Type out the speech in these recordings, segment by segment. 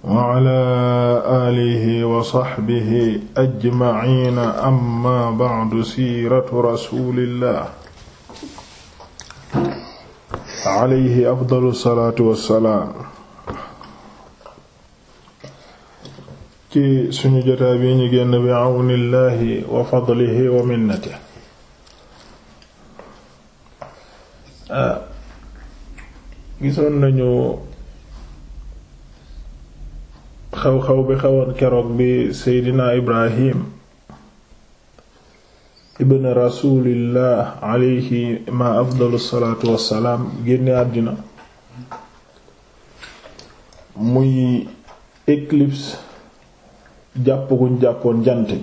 wala alihi wa saxbihi ajmaciina amma bacdu siiratu rasulillah alayhi afdalu salaatu wassalaam ci suñu jotaa bi ñu génn wa fadlihi wa ah, gisoon nañu xew-xew bi xewoon keroog bi seydina ibrahim ibn rasulillah alayhi ma afdalu salaatu wassalaam génne àddina muy éclipse jàpp guñ jàppoon jant bi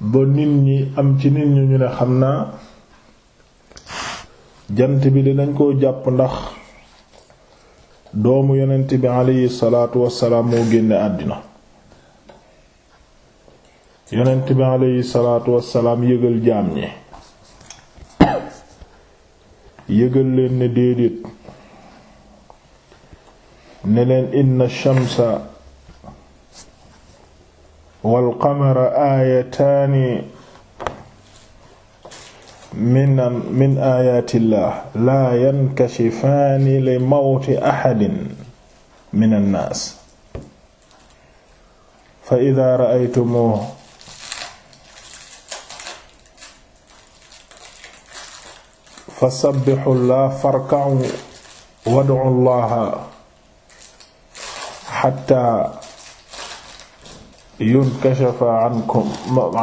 ba nit ñi am ci nit ñu ñu ne xam naa jant bi dinañ koo jàpp ndax doomu yonent bi aleyhi salaatu wassalaam moo génne àddina yonent bi aleyhi salaatu wassalaam yëgal jaam ñi yëgal leen ne déedéet ne leen inna shamsa wal qamara min min aayaatillah laa yankashifaani li mawti axadin min annaas fa idaa ra'aytumuuhu fasabbixu llaaha farka'uu wad'u llaaha xattaa yunkashafa ankum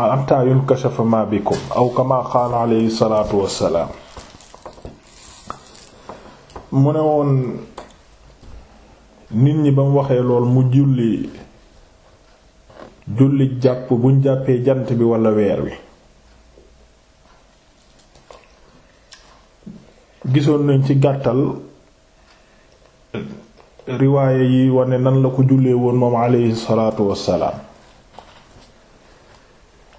hatta yunkashafa ma bikum aw kama qaala salaatu wassalaam mu ne woon nit ñi ba mu waxee lool mu julli julli jàpp buñ jàppee jant bi walla weer wi gisoon nañ ci gàttal riwaaya yi wane nan la ko jullee woon moom alayhi salaatu wassalaam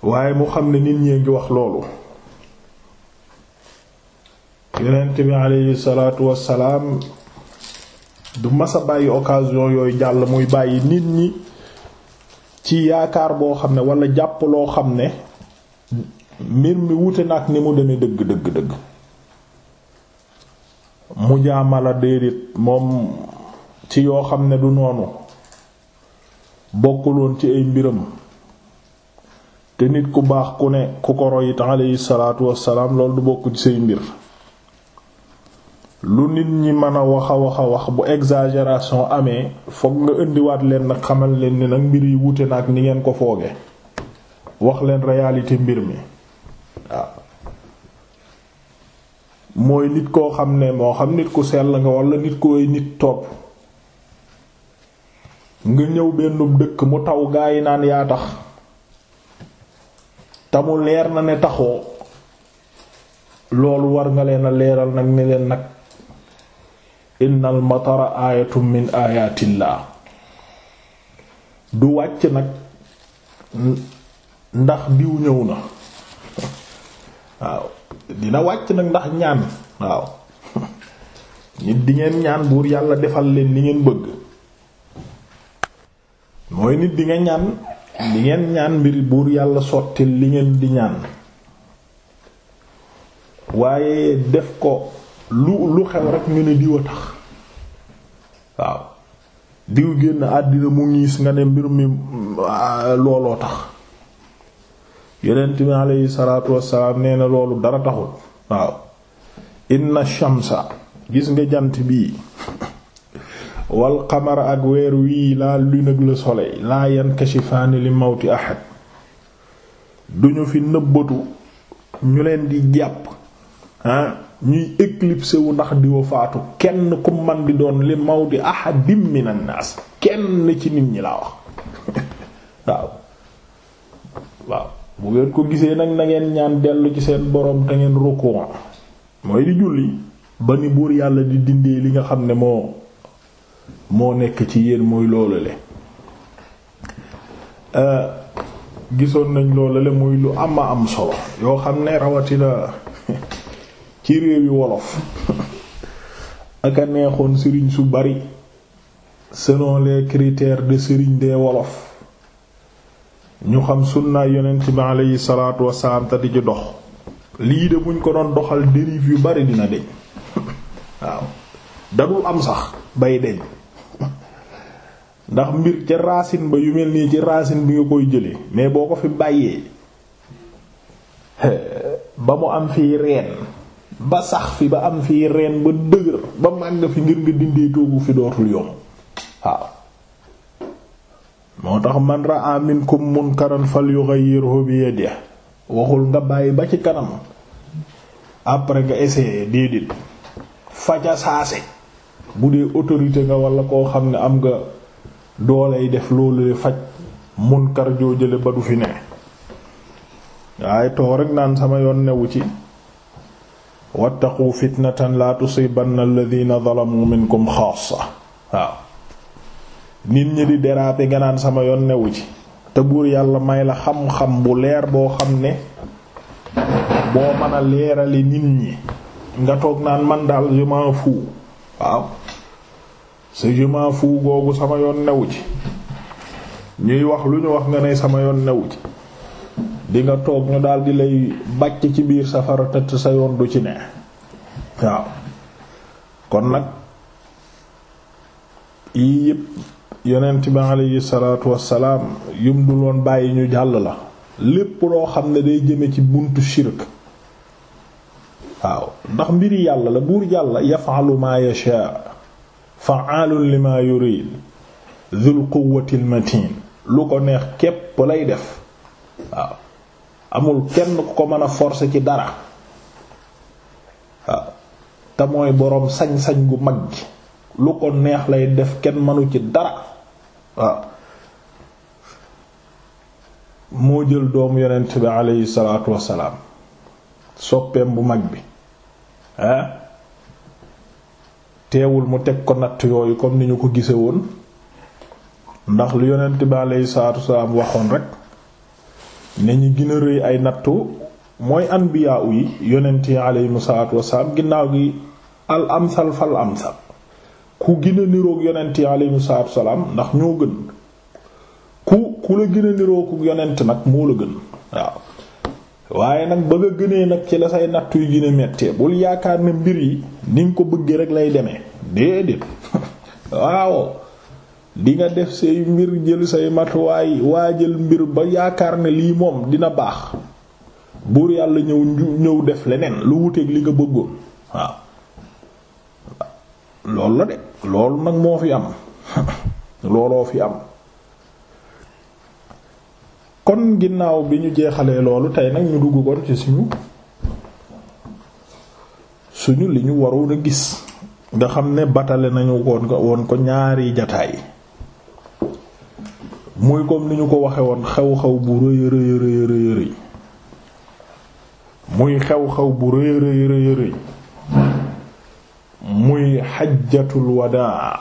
waaye mu xam ne nit ñi ngi wax loolu yonent bi aleyhi salaatu wassalaam du masa bàyyi occasion yooyu jàll muy bàyyi nit ñi ci yaakaar boo xam ne wala jàpp loo xam ne mbir mi wute nag ni mu demee dëgg dëgg dëgg mu jaamala déedéet moom ci yoo xam ne du noonu bokkuloon ci ay mbiram te nit ku baax ku ne ku ko roy it alayhi salaatu wassalaam loolu du bokk ci say mbir lu nit ñi mën a wax a wax a wax bu exagération amee foog nga indiwaat leen nag xamal leen ni nag mbir yi wuute na ak ni ngeen ko fooge wax leen réalité mbir mi mooy nit koo xam ne moo xam nit ku sell nga walla nit koy nit topp nga ñëw benn dëkk mu taw gaa yi naan yaa tax te leer na ne taxoo loolu war nga leen a leeral nag ne leen nag innal matara aayatun min aayatillah du wàcc nag ndax diw ñëw na waaw dina wàcc nag ndax ñaan waaw nit di ngeen ñaan buur yàlla defal leen li ngeen bëgg mooy nit di nga ñaan di ngeen ñaan mbiri buur yàlla sotti li ngeen di ñaan waaye def ko lu lu xew rek ñu ne diw a tax waaw diw génn àddina mu ngiis nga ne mbir mi ah, looloo tax yonent bi aleyhi salaatu wassalaam nee na loolu dara taxul waaw inna shamsa gis nga jant bii wal xamara ak weer wii la lune ak le soleil la yankashifaani li mawti ahad duñu fi nëbbatu ñu leen di jàpp ah ñuy éclipsé wu ndax di wa faatu kenn ku man di doon li mawti ahadim minan naas kenn ci nit ñi laa wax waaw waaw bu ngeen ko gisee nag na ngeen ñaan dellu ci seen borom te ngeen rukkoo mooy di julli ba ni buur yàlla di dindee li nga xam ne moo moo nekk ci yéen muy loolale euh, gisoon nañ loolale muy lu ama am solo yoo xam ne rawatina ci réew yi wolof ak neexoon sëriñ su bari selon les critères de sëriñ des wolof ñu xam sunnaay yonent bi aleyhi salaatu wasalaam te di ci dox lii de buñ ko doon doxal dérive yu bari dina deñ waaw dadul am sax bay deñ ndax mbir ca racine ba yu mel nii ci racine bi nga koy jëlee mais boo ko fi bàyyee ba mu am fii reen ba sax fi ba am fii reen ba dëgër ba màgg fi ngir nga dindee toogu fi dootul yomb waaw moo tax man ra'a minkum munkaran falyughayyirhu bi yadihi waxul nga bàyyi ba ci kanam après nga essayer déedéet faja bu dee autorité nga walla koo xam ne am nga doolay def loolu faj kar joo jële ba du fi ne waaye toog rek naan sama yoon newu ci wattaqu fitnatan la tusibanna alladhina zalamu minkum xaasa waaw nit ñi di déraper nga naan sama yoon newu ci te buur yàlla may la xam-xam bu leer boo xam ne boo mën a leerali nit ñi nga toog naan man daal je m'en fous waaw sa jumaa fuu googu sama yoon newu ci ñuy wax lu ñu wax nga ne sama yoon newu ci di nga toog ñu daal lay bàcc ci biir safara tëtt sa yoon du ci ne waaw kon nag yii yépp yonent bi alayhi salaatu wassalaam yum dul woon bàyyi ñu jàll la lépp loo xam ne day jëme ci buntu shirk waaw ndax mbiri yàlla la buur yàlla yafalu ma fa'aalun lima yurid dhul quwwatil matin lu ko neex képp lay def waaw amul kenn ku ko mën a forcer ci dara waaw te mooy boroom sañ-sañ bu mag gi lu ko neex lay def kenn mënu ci dara waaw moo jël doomu yonent bi aleyhi salaatu wassalaam soppeem bu mag bi ah teewul mu teg ko natt yooyu comme ni ñu ko gise woon ndax lu yonent bi alayhi salaatu waxoon rek ne ñu gina a ay nattu mooy anbiyaa yi yonent yi alayhimu salaatu wasalaam ginnaaw gi al amsal fal amsal ku gën a niroog yonent yi alayhimu salaatu wasalaam ndax ñoo gën ku ku la gën a niroog yonent nag moo la gën waaw waaye nag ba nga gënee nag ci la say nattu yu gën a bul yaakaar ne mbir yi ni nga ko bëggee rek lay deme déedéet waaw di nga def say mbir jël say matuwaay waa jël mbir ba yaakaar ne lii moom dina baax buur yàlla ñëw ñëw def leneen lu wuteeg li nga bëggoon waaw loolu la de loolu nag moo fi am looloo fi am kon ginnaaw bi ñu jeexalee loolu tey nag ñu dugg kon ci suñu suñu li ñu waroon a gis nga xam ne batale nañu woon ko woon ko ñaari jataay muy comme ni ñu ko waxe woon xew-xew bu rëy rëy rëy muy xew-xew bu rëy rëy rëy rëy muy xajjatul wadaa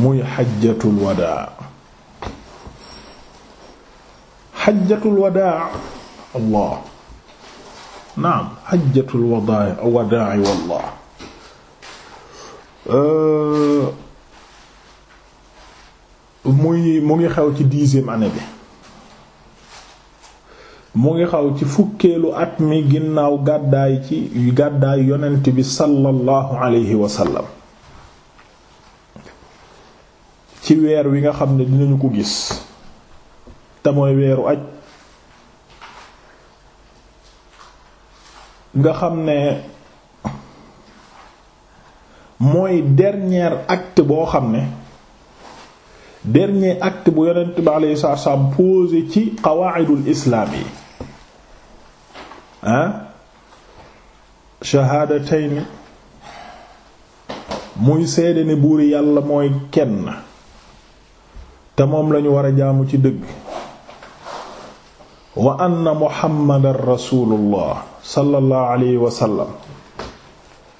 muy xajjatul wadaa xajjatul wadaa allah naam xajjatul wadaa wadaa wallah muy mu ngi xew ci dixième année bi mu ngi xew ci fukkeelu at mi ginnaaw gàddaay ci gàddaay yonent bi sallallahu alayhi wa ci weer wi nga xam ne dinañu ko gis te weeru aj nga xam ne mooy dernier acte boo xam ne dernier acte bu yonent bi alayhi salaatu salaam ci qawaa'idul islaam yi ah shahaadatayn muy seede buur yàlla mooy kenn te moom lañu war a jaamu ci dëgg wa anna muhammadan rasulullah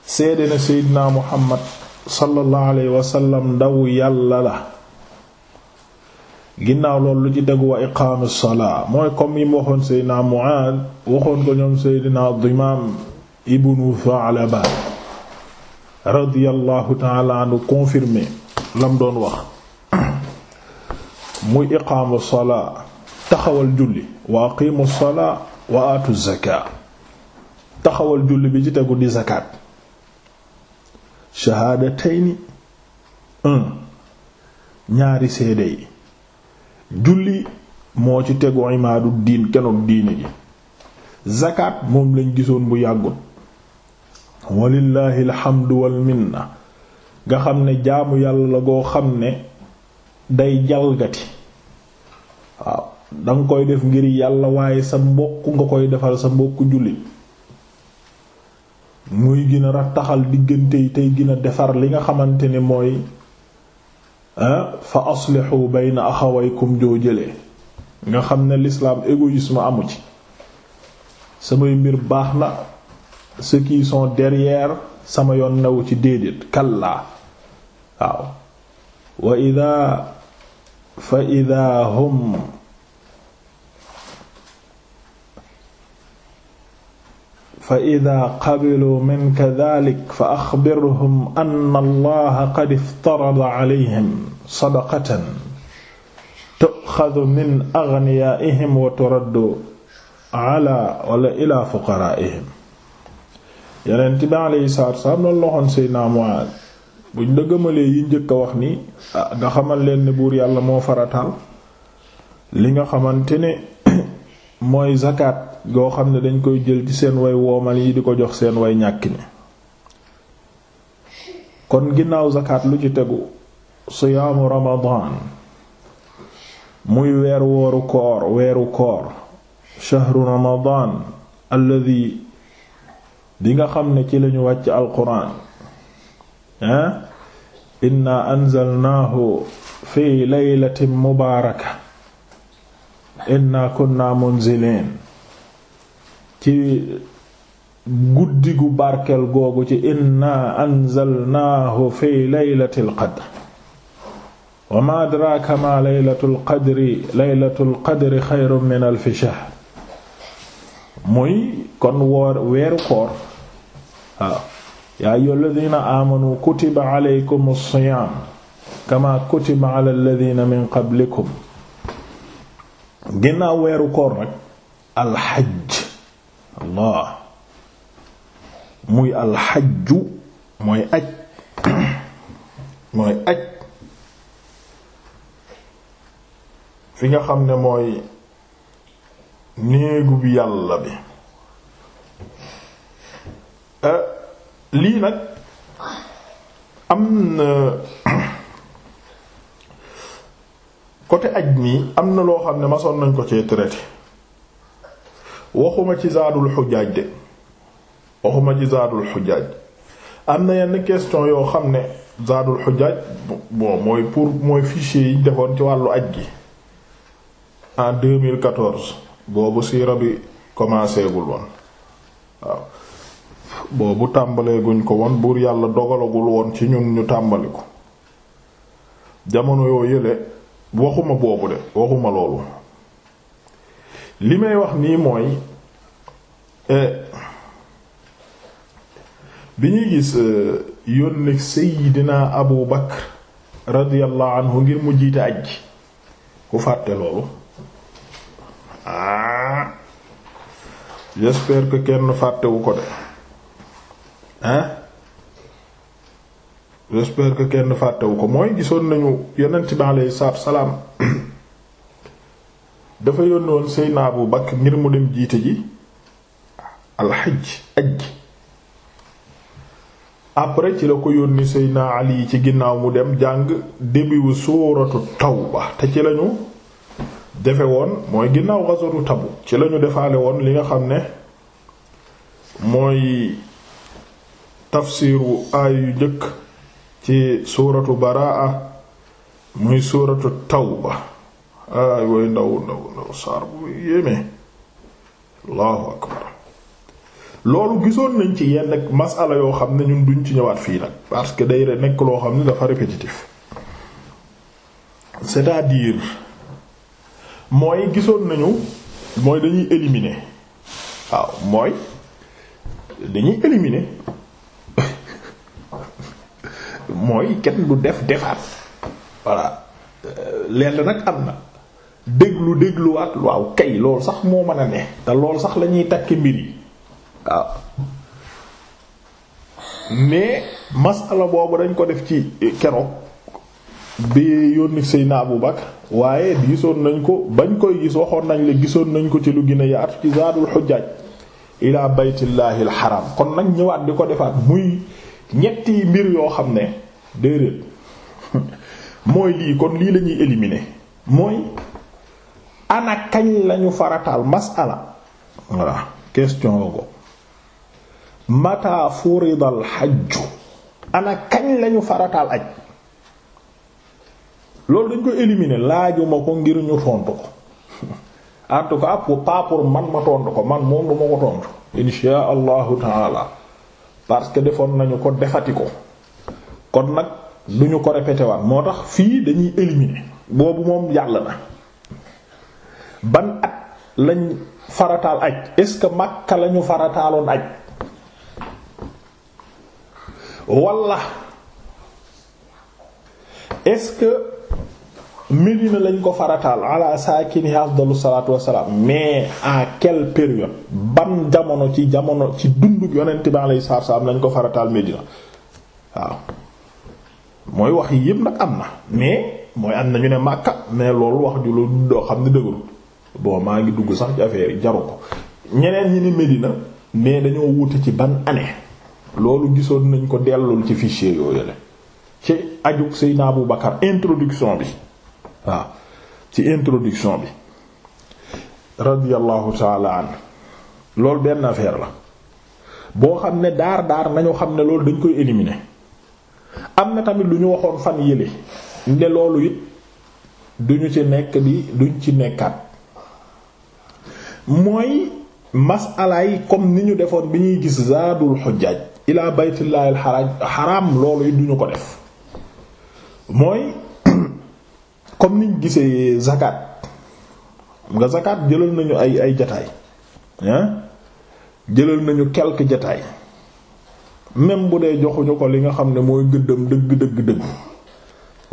seede na seydina muhammad sallallahu alayhi wa ndaw yàlla la ginnaaw loolu ci dégg wa iqaamu salaa mooy comme yi mu waxoon seydina muaad waxoon ko ñoom seydina dimaam ibnu Tha'laba radiyallahu ta'ala anhu confirmé lam doon wax muy iqaamu salaa taxawal julli wa aqimu salaa wa zakaa taxawal julli bi ci tegu di zakat shahaadatayni un ñaari seede yi julli moo ci tegu imaadu diin kenoog diine ji zakat moom lañ gisoon bu yàggut walillaahi alxamdu wal nga xam ne jaamu yàlla la goo xam ne day jalgati waaw danga koy def ngir yàlla waaye sa mbokk nga koy defar sa mbokk jullit muy gina a rattaxal diggante yi tey gën defar li nga xamante ne mooy fa aslihu bayna axawaykum joo jële nga xam ne l'islam égoïsme amu ci samay mbir baax na ceux qui sont sama yoon naw ci déedéet kallaa waaw wa ida fa ida hum fa idaa qabiluu minka daalik fa axbirhum anna allaha qad iftarada calayhim sadaqatan tuxadu min agniyaa'ihim wa turaddu calaa wala ilaa fuqaraa'ihim yonent bi alayhi salaatu wa salaam loolu loxoon Seydina buñ la gëmalee yi njëkk wax ni ah, nga xamal leen buur yàlla moo farataal li nga xamante ne mooy zakaat goo xam ne dañ koy jël ci seen woy woomal yi di ko jox seen way ñàkk ni kon ginnaaw zakat lu ci tegu siyaamu ramadan muy weer wooru koor weeru koor shahru ramadan alladi di nga xam ne ci lañu wàcc alquran ah inna anzalnaahu fi laylatin mubaaraka inna kunna munzilin ci guddi gu barkeel googu ci inna anzalnaahu fi laylatil qadr wa ma adraaka ma laylatul qadri laylatul qadri xayrun min alfi shahr muy kon woor weeru koor waaw yaa ayyuhal ladina amanu kutiba alaykumus siyaam kama kutiba alal ladina min qablikum ginnaaw weeru koor nag alxaj allah muy alxajju mooy aj mooy aj fi nga xam ne mooy néegu bi yàlla bi eh, lii nag am na côté aj nii am na loo xam ne masoon nañ ko cee traité waxuma ci zaadul xujjaaj de waxuma ci zaadul xujjaaj am na yenn question yoo xam ne zaadul xujjaaj bon mooy pour mooy ci wàllu aj gi en 2014 boobu siira bi commencé gul woon waaw boobu tàmbaleeguñ ko woon buur yàlla dogalagul woon ci ñun ñu tàmbali ko jamono yoo yële waxuma boobu de waxuma loolu li may wax nii mooy Euh, bi ñuy gis euh, yónni Seydina Abu Bakr radiyallahu anhu ngir mu jiite aj ku fàtte loolu ah j'espère kenn fàttewu ko de hein j'espère que kenn fàttewu ko mooy gisoon nañu yonent bi alayhi salaatu salaam dafa yónni woon Seydina Abu Bakr ngir mu dem jiite ji alxaj aj après ci la ko yónni Seydina Ali ci ginnaaw mu dem jàng début wu suuratu tawba te ci lañu defe woon mooy ginnaaw ghazwatu Tabuk ci lañu defaale woon li nga xam ne mooy tafsiru aay yu njëkk ci suuratu baraa muy suuratu tawba aay woy ndaw ndaw ndaw saar bu yéeme allahu akbar loolu gisoon nañ ci yenn masala yoo xam ne ñun duñ ci ñëwaat fii nag parce que day nekk loo xam ne dafa répétitif c'est-à-dire mooy gisoon nañu mooy dañuy éliminer waaw mooy dañuy éliminer mooy kenn du def defaat voilà lenn nag am na déglu dégluwaat waaw kay loolu sax moo mën a ne te lool sax lañuy takk mbir yi waaw ah. mais masala boobu dañ ko def ci eh, keroog bi yónni Seydina Abu Bakar waaye gisoon nañ ko bañ koy gis waxoon nañ la gisoon nañ ko ci lu gën yaatu ci Zaadul Xujjaaj ilaa baytillaahi alxaram kon nag ñëwaat di ko defaat muy ñetti mbir yoo xam ne déedéet mooy lii kon lii la ñuy éliminer mooy ana lañu farataal masala voilà question ko mata furidal xajju ana kañ lañu farataal aj loolu dañ ko éliminer laajuma ko ngir ñu tontu ko en tout cas pour pas pour man ma tontu ko man moom duma ko tontu insha allahu taala parce que defoon nañu ko defati ko kon nag duñu ko répété waat moo tax fii dañuy éliminer boobu moom yàlla na ban at lañ farataal aj est-ce que Makka lañu farataaloon aj walla est-ce que Médina lañ ko farataal saa saakini afdalu salaatu wassalaam mais à quelle période ban jamono ci jamono ci dundu yonent bi alayhi salaatu wassalaam lañ ko farataal Médina waaw mooy wax yi yëpp nag am na mais mooy am na ñu ne Makka mais loolu wax ju lu doo xam ne dëgërul bon maa ngi dugg sax ci affaire yi jaru ko ñeneen ñi ni Médina mais dañoo wute ci ban année. loolu gisoon nañ ko dellul ci fichier yooyu la ci ajug Seydina Abu Bakar introduction bi waaw ci introduction bi radiyallahu taala loolu benn affaire la boo xam ne daar daar nañu xam ne loolu dañ koy éliminer am na tamit lu ñu waxoon fan yéle nde loolu it ñu ci nekk di duñ ci nekkaat mooy masalaay comme ni ñu defoon bi ñuy gis zaadul xujjaaj ilaa baytullahi alxaraam loolu it duñu ko def mooy comme niñ gisee zakat nga zakat jëlal nañu ay ay jataay jëlal nañu quelques jataay même bu dee joxuñu ko li nga xam ne mooy gëddam dëgg dëgg dëgg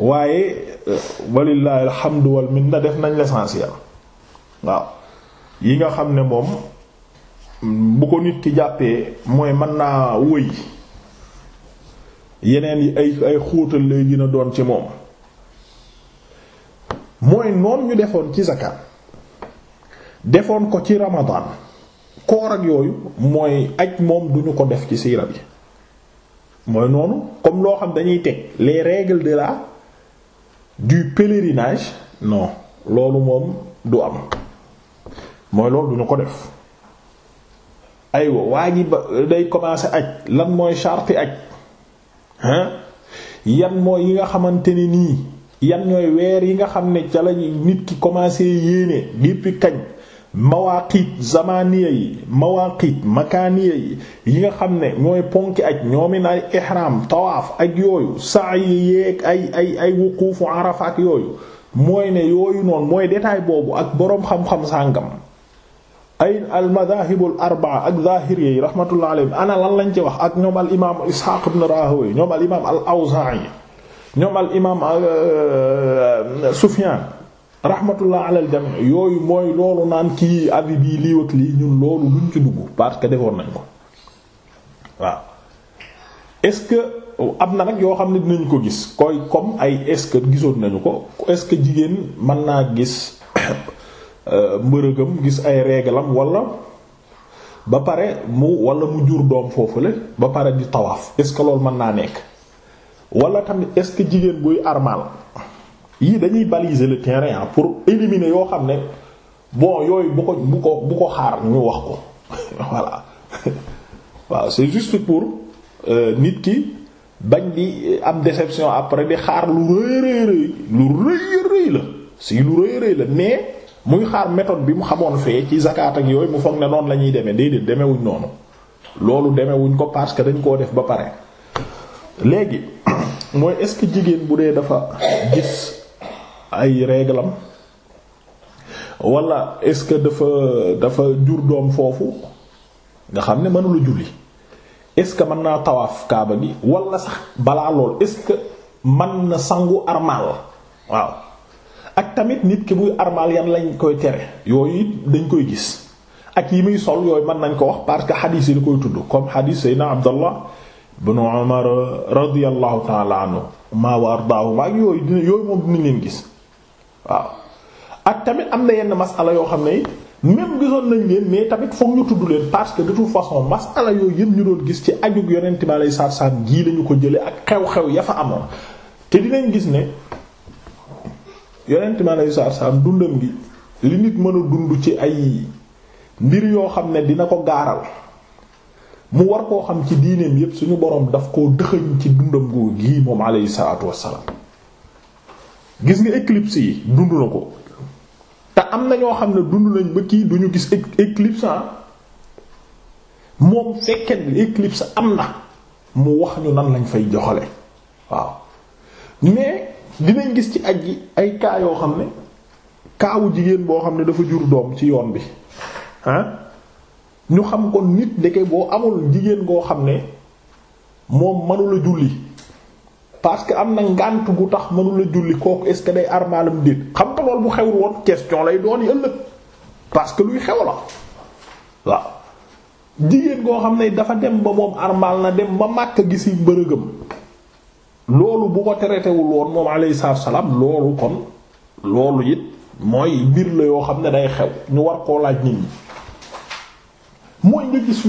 waaye euh, walillahi alhamdu wal minna def nañ l'essentiel waaw yi nga xam ne moom bu ko nit ki jàppee mooy mën naa wëy yeneen yi ay ay xóotal lay gën doon ci moom mooy noon ñu defoon ci zakat defoon ko ci ramadan koor yooyu mooy moom duñu ko def ci siira bi mooy noonu comme loo xam dañuy teg les règles de la du pèlerinage non loolu moom du am mooy loolu duñu ko def aywa waa ba day commencer aj lan mooy charte aj hein yan mooy yi nga xamante ni nii yan ñooy weer yi nga xam ne ca la nit ki commencer yéene depuis kañ mawaqit zamaniya yi mawaqit makaaniya yi nga xam ne ñooy ponki aj ñoomin ay ihram tawaaf ak yooyu sa'i yeeg ay ay ay wuquufu arafa ak yooyu mooy ne yooyu noonu mooy détail boobu ak boroom xam-xam sàngam ay al madahibul arbaa ak zahiri yi rahmatullah alayhim ana lan lañ ci wax ak ñoom al imaam ishaq ibn rahawayh ñoom al imaam al ñoom al imaam euh, sufyaan rahmatullah al jami yooyu mooy loolu naan kii abi bii lii wëkk lii ñun loolu luñ ci dugg parce que defoon nañ ko waaw est-ce que am na nag yoo xam ne dinañ ko gis koy comme ay est-ce que gisoon nañu ko est-ce que jigéen man naa gis Euh, mbërëgam gis ay réglam walla ba pare mu wala mu jur doom la ba pare di tawaaf est ce que loolu mën naa nekk wala tamit est ce jigéen buy armal yii dañuy baliser le terrain ah pour éliminer yoo xam ne bon yooyu bu ko bu ko bu ko xaar ñu wax ko voilà waaw c'est juste pour euh, nit ki bañ di am déception après di xaar lu rëy rëy lu rëy rëy la si lu rëy rëy la mais muy xaar méthode bi mu xamoon fee ci zakat ak yooyu mu foog ne noonu la ñuy demee déedéet demewuñ noonu loolu demewuñ ko parce que dañ koo def ba pare. léegi mooy est-ce que jigéen bu dee dafa gis ay réglam wala est-ce que dafa dafa jur doom foofu nga xam ne mënula julli est-ce que mën naa tawaaf kaaba gi wala sax balaa lool est-ce que mën na sangu armal waaw. ak tamit nit ki buy armal yan lañ koy tere yooyu dañ koy gis ak yi muy sol yooyu mën nañ ko wax parce que xadiis yi da koy tudd comme xadiis Seydina Abdallah ibn Umar radiyallahu ta'ala anhu ma wa ardaahu ak yooyu dina yooyu moom dinañ leen gis waaw ak tamit am na yenn masala yoo xam ne même gisoon nañ leen mais tamit fokk ñu tudd leen parce que de toute façon masala yooyu yëpp ñu doon gis ci ajug yonent bi alayhi salaatu salaam gii lañu ko jële ak xew-xew ya fa amoon te gis ne yonent mi alayhi salaatu salaam dundam gi li nit mën a dund ci ay mbir yoo xam ne dina ko gaaral mu war koo xam ci diineem yépp suñu boroom daf koo dëxëñ ci dundam goo gii moom alayhi salaatu wassalaam gis nga éclipse yi dund na ko te am na ñoo xam ne dund nañ ba kii duñu gis éclipse ah moom fekkee ni am na mu wax ñu nan lañ fay joxale waaw mais dinañ gis ci aj gi ay kaa yoo xam ne kaawu jigéen boo xam ne dafa jur doom ci yoon bi ah ñu xam ko nit ndeke boo amul jigéen goo xam ne moom mënula julli parce que am na ngànt gu tax mënula julli kooku est-ce que day armaalam déet xam nga lool bu xewul woon question lay doon yi ëllëg parce que luy xew la waaw jigéen goo xam ne dafa dem ba moom armaal na dem ba màkk gisi mbërëgam loolu bu ko teretewul woon moom alayhi salaam loolu kon loolu it mooy mbir la yoo xam ne day xew ñu war koo laaj nit ñi mooy nga gis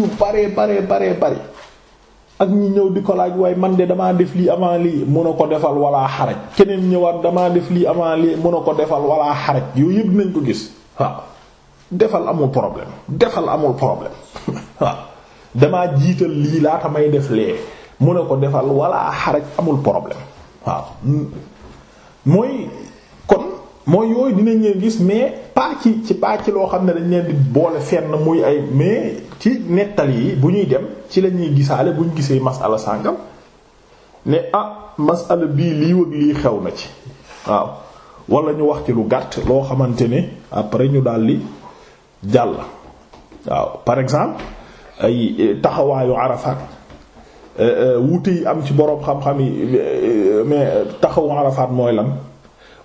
ak ñi ñëw di ko laaj waaye man de damaa def lii avant lii mun ko defal wala xaraj keneen ñëwaat damaa def lii avant lii mun ko defal wala xaraj yooyu yëpp nañ ko gis waaw defal amul problème defal amul problème waaw damaa jiital lii laata may def lee mu ne ko defal wala xaraj amul problème waaw mooy kon mooy yooyu dinañ leen gis mais pas ci ci pas ci loo xam ne dañ leen di boole fenn muy ay mais ci nettal yi bu ñuy dem ci la ñuy gisaale bu ñu gisee masala sàngam ne ah masala bii lii wëg lii xew na ci waaw wala ñu wax ci lu gàtt loo xamante ne après ñu di jàll waaw par exemple ay eh, taxawaayu Arafat wuute yi am ci boroom xam-xam yi mais taxawu Arafat mooy lan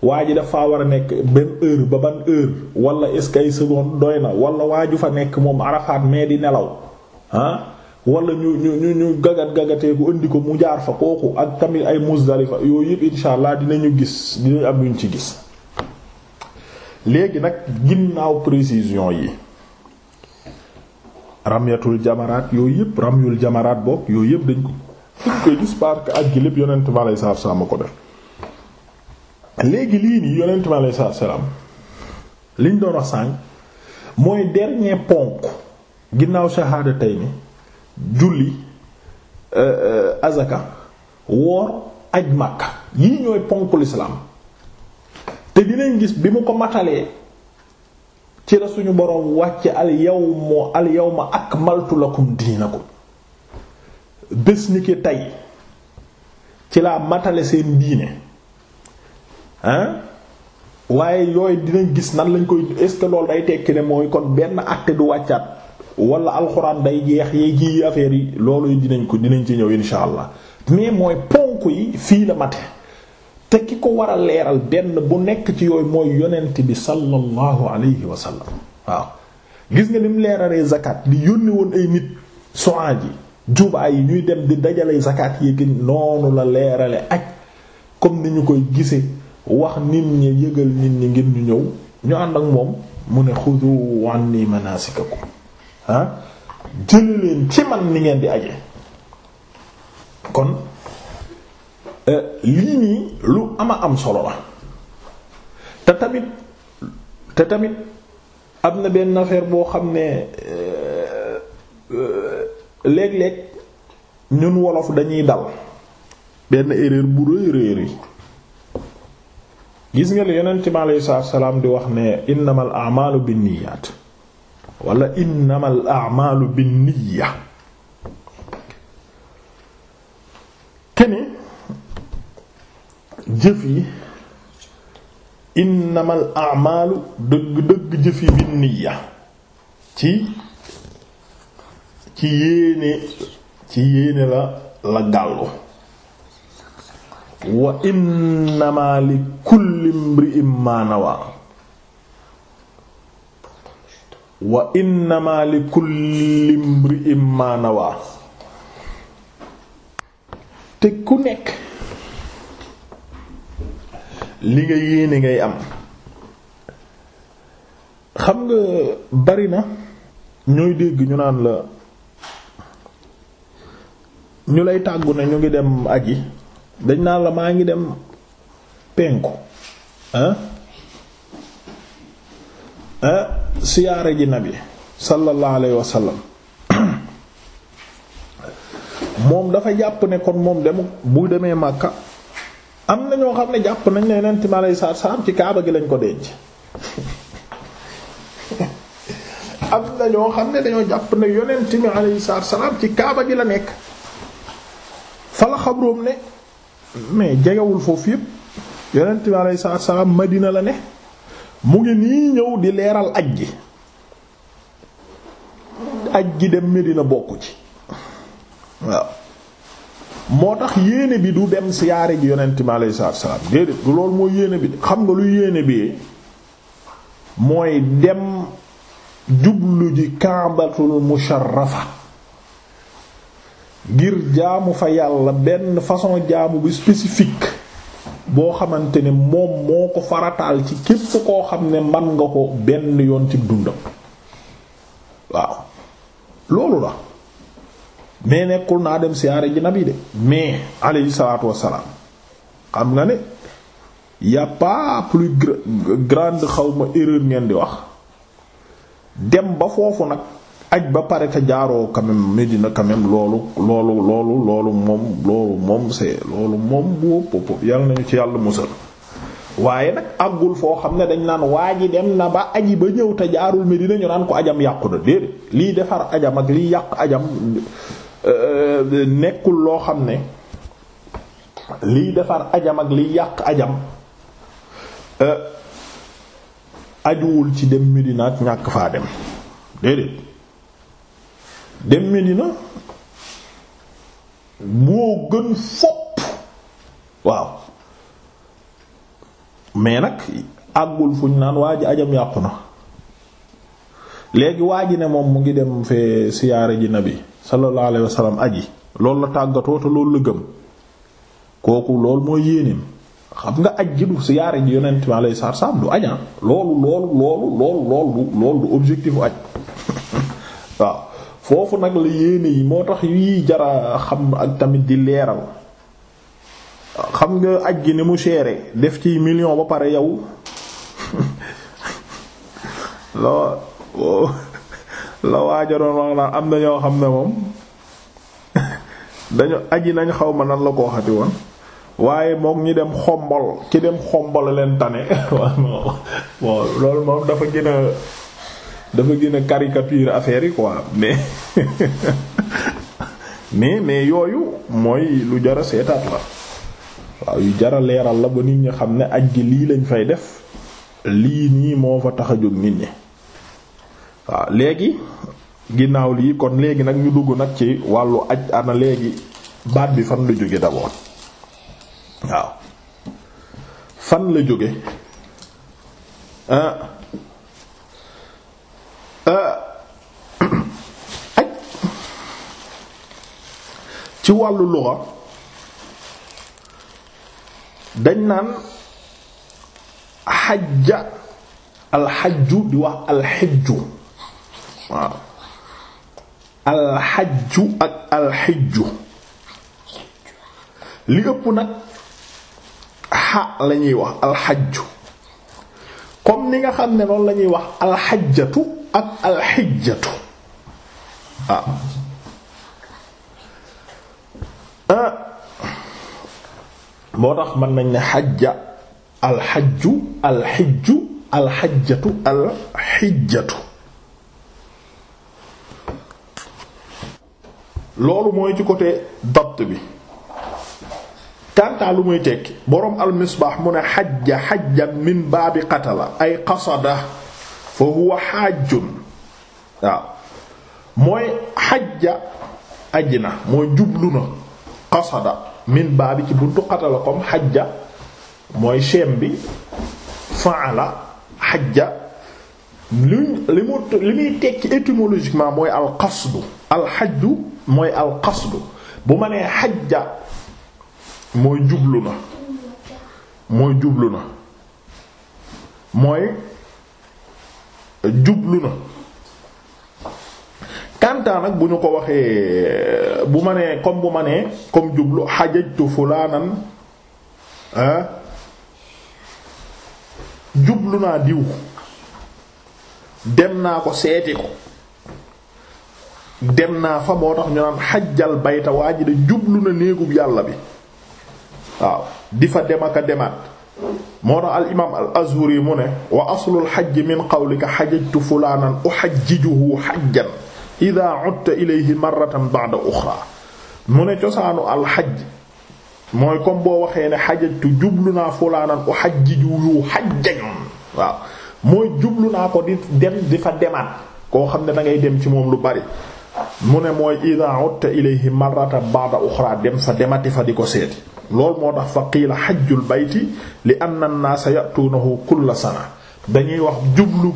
waa ji dafa war a nekk benn heure ba ban heure wala est-ce que ay seconde doy na wala waa ju fa nekk moom Arafat mais di nelaw ah wala ñu ñu ñu ñu gagat gagatee ku indi ko mu jaar fa kooku ak tamit ay Muzdalifa yooyu yëpp insha allah ñu gis dinañ am yuñ ci gis léegi nag ginnaaw précision yi ramyatul jamaraat yooyu yëpp ramyul jamaraat bokk yooyu yëpp dañ ko dañ koy gis ak gi lépp yonent ma lay saaf saa ma ko def léegi lii nii yonent ma lay salaam liñ doon wax sànq mooy dernier ponk ginnaaw shahaada tey ni julli euh, euh, azaka woor aj Makka yii ñooy ponk l'islam te dinañ gis bi mu ko matalee ci la suñu boroom wàcce al yawma al ak akmaltu lakum ko bés ni ki tey ci laa matale seen diine hein waaye yooyu dinañ gis nan lañ koy est-ce que loolu day tekki ne mooy kon benn àtte du wàccaat wala alxuraan day jeex yee kii affaire yi loolu dinañ ko dinañ ci ñëw insha allah mais mooy ponk yi fii la mate te ki ko war a leeral benn bu nekk ci yooyu mooy yonent bi sallallahu alayhi wa waaw gis nga nim leeralee zakat di yónni woon ay nit soan ji jubaa yi ñuy dem di dajale zakat yi noonu la leerale ak comme ni ñu koy gisee wax nit ñi yëgal nit ñi ngir ñu ñëw ñu ànd ak moom mu ne xudu anni manasikakum ah jëli ci man ni ngeen di aje kon Euh, lii nii lu ama am solo la te tamit te tamit am na benn affaire boo xam ne euh, euh, léeg-léeg ñun wolof dañuy dal benn erreur bu rëy rëy gis nga li yonent bi aleyhi salaam di wax ne innamal a'maalu binniyaat wala innamal a'maalu binniya jëf innamal a'malu dëgg dëgg jëf yi bin niyya ci ci yéene la la gàllu wa innama li kulli mri'in ma nawa wa innama li kulli mri'in te ku nekk li nga yéene ngay am xam nga bari na ñooy dégg ñu naan la ñu lay tàggu na ñu ngi dem aji dañ naan la maa ngi dem penku ah ah siyaare ji nabi sallallahu alayhi wa sallam moom dafa jàpp ne kon moom dem bu demee màkka am na ñoo xam ne jàpp nañ ne yonent mi alayhi salaatu salaam ci kaaba gi lañ ko denc am na ñoo xam ne dañoo jàpp na yonent mi alayhi salaatu salaam ci kaaba gi la nekk fa la xabroom ne mais jegewul foofu yëpp yonent mi alayhi salaatu salaam Madina la ne mu ngi nii ñëw di leeral aj gi aj gi dem Medina bokku ci waaw moo tax yéene bi du dem siyaare ji yonent bi alayhi salaatu wa salaam du loolu mooy yéene bi xam nga lu yéene bi mooy dem jublu ji kaabatul musharrafa ngir jaamu fa yàlla benn façon jaamu bi spécifique boo xamante ne moom moo ko farataal ci képp koo xam ne man nga ko benn yoon ci dundam waaw loolu la mais nekkul naa dem siyaare ji nabi de mais alayhi salaatu wassalaam xam nga ne y a pas plus xaw ma erreur ngeen di wax dem ba foofu nag aj ba pare te jaaroo quand même Medina quand même loolu loolu loolu moom loolu moom c'est loolu moom boo popp yàlla nañu ci yàlla musal waaye nag àggul foo xam ne dañ naan waa ji dem na ba yi ba ñëw te jaarul Medina ñu naan ko ajam yàqu na déedéet lii defar ajam ak lii yàq ajam Euh, euh, nekkul loo xam ne liy defar ajam ak liy yàq ajam euh, ajuwul ci dem Medina ak ñàkk faa dem déedéet dem Medina moo gën fopp waaw mais nag àggul fu naan waa ji ajam yàqu na léegi waa ji ne moom mu ngi dem fee siyaare ji nabi sallallahu alayhi wa sallam aji loolu la tàggatoo te loolu la gëm kooku loolu mooy yéeneem xam nga aj gi du siyaare ji yonent mi alayhi salaatu salaam du ajan ah. loolu loolu loolu loolu objectif u aj waaw foofu nag la yéene yi moo tax yi jara xam ak tamit di leeral xam nga aj gi ni mu seere def ci million ba pare yow loo la waaja doon wax naan am na ñoo xam ne moom dañu aji nañ xaw ma nan la ko waxati woon waaye mook ñi dem xombol ki dem xombol leen tane bon loolu moom dafa gën a dafa gën affaire yi quoi mais mais mais yooyu mooy lu jara seetaat la waaw yu jara leeral la ba nit ñi xam ne aj gi lii lañ fay def lii nii moo fa tax a jóg nit ñi waaw ah, léegi ginnaaw lii kon léegi nag ñu dugg nag ci wàllu aj ana léegi baat bi fan la jóge d'abord waaw fan la jóge ah. Ah. aj ci wàllu luxa dañ naan xajja alxajju di wax alxijju waaw alxajju ak alxijju li ëpp nag xa la ñuy wax alxajju comme ni nga xam ne loolu la ñuy wax alxajjatu ak alxijjatu waaw ah. moo tax mën nañ ne xajja alxajju alxijju alxajjatu alxijjatu loolu mooy ci côté dabt bi kàntaa lu muy tekki boroom almisbaax mu ne xajja xajjan min baabi qatala ay qasada fa huwa xaajun waaw mooy xajja aj na mooy jublu na qasada min baabi ci buntu qatala comme xajja mooy cheem bi faala xajja luñ li mu li muy tekki étymologiquement mooy alqasdu alxajju mooy alqasdu bu ma nee xajja mooy jublu na mooy jublu na mooy jublu na kantaa nag bu ñu ko waxee bu ma nee comme bu ma nee comme jublu xajajtu fulaanan ah jublu naa diw dem naa ko seeti ko dem naa fa moo tax ñu naan xajjal bayta waa de jublu na néegub yàlla bi waaw di fa dem ak a demaat moo tax al imaam al azhuri mu ne wa aslul xajj min qawlika al xajj mooy comme boo waxee ne xajajtu jublu naa fulaanan uxajjijuhu xajjan waaw mooy jublu naa ko di dem di fa demaat koo xam ne dangay ngay dem ci moom lu bari mu ne mooy ida utta ilayhi marrata ba'da uxra dem sa demati fa di ko seeti loolu moo tax fa qiila xajjul bayti li anna an-naasa ya'tuunahu kulla sana dañuy wax jublu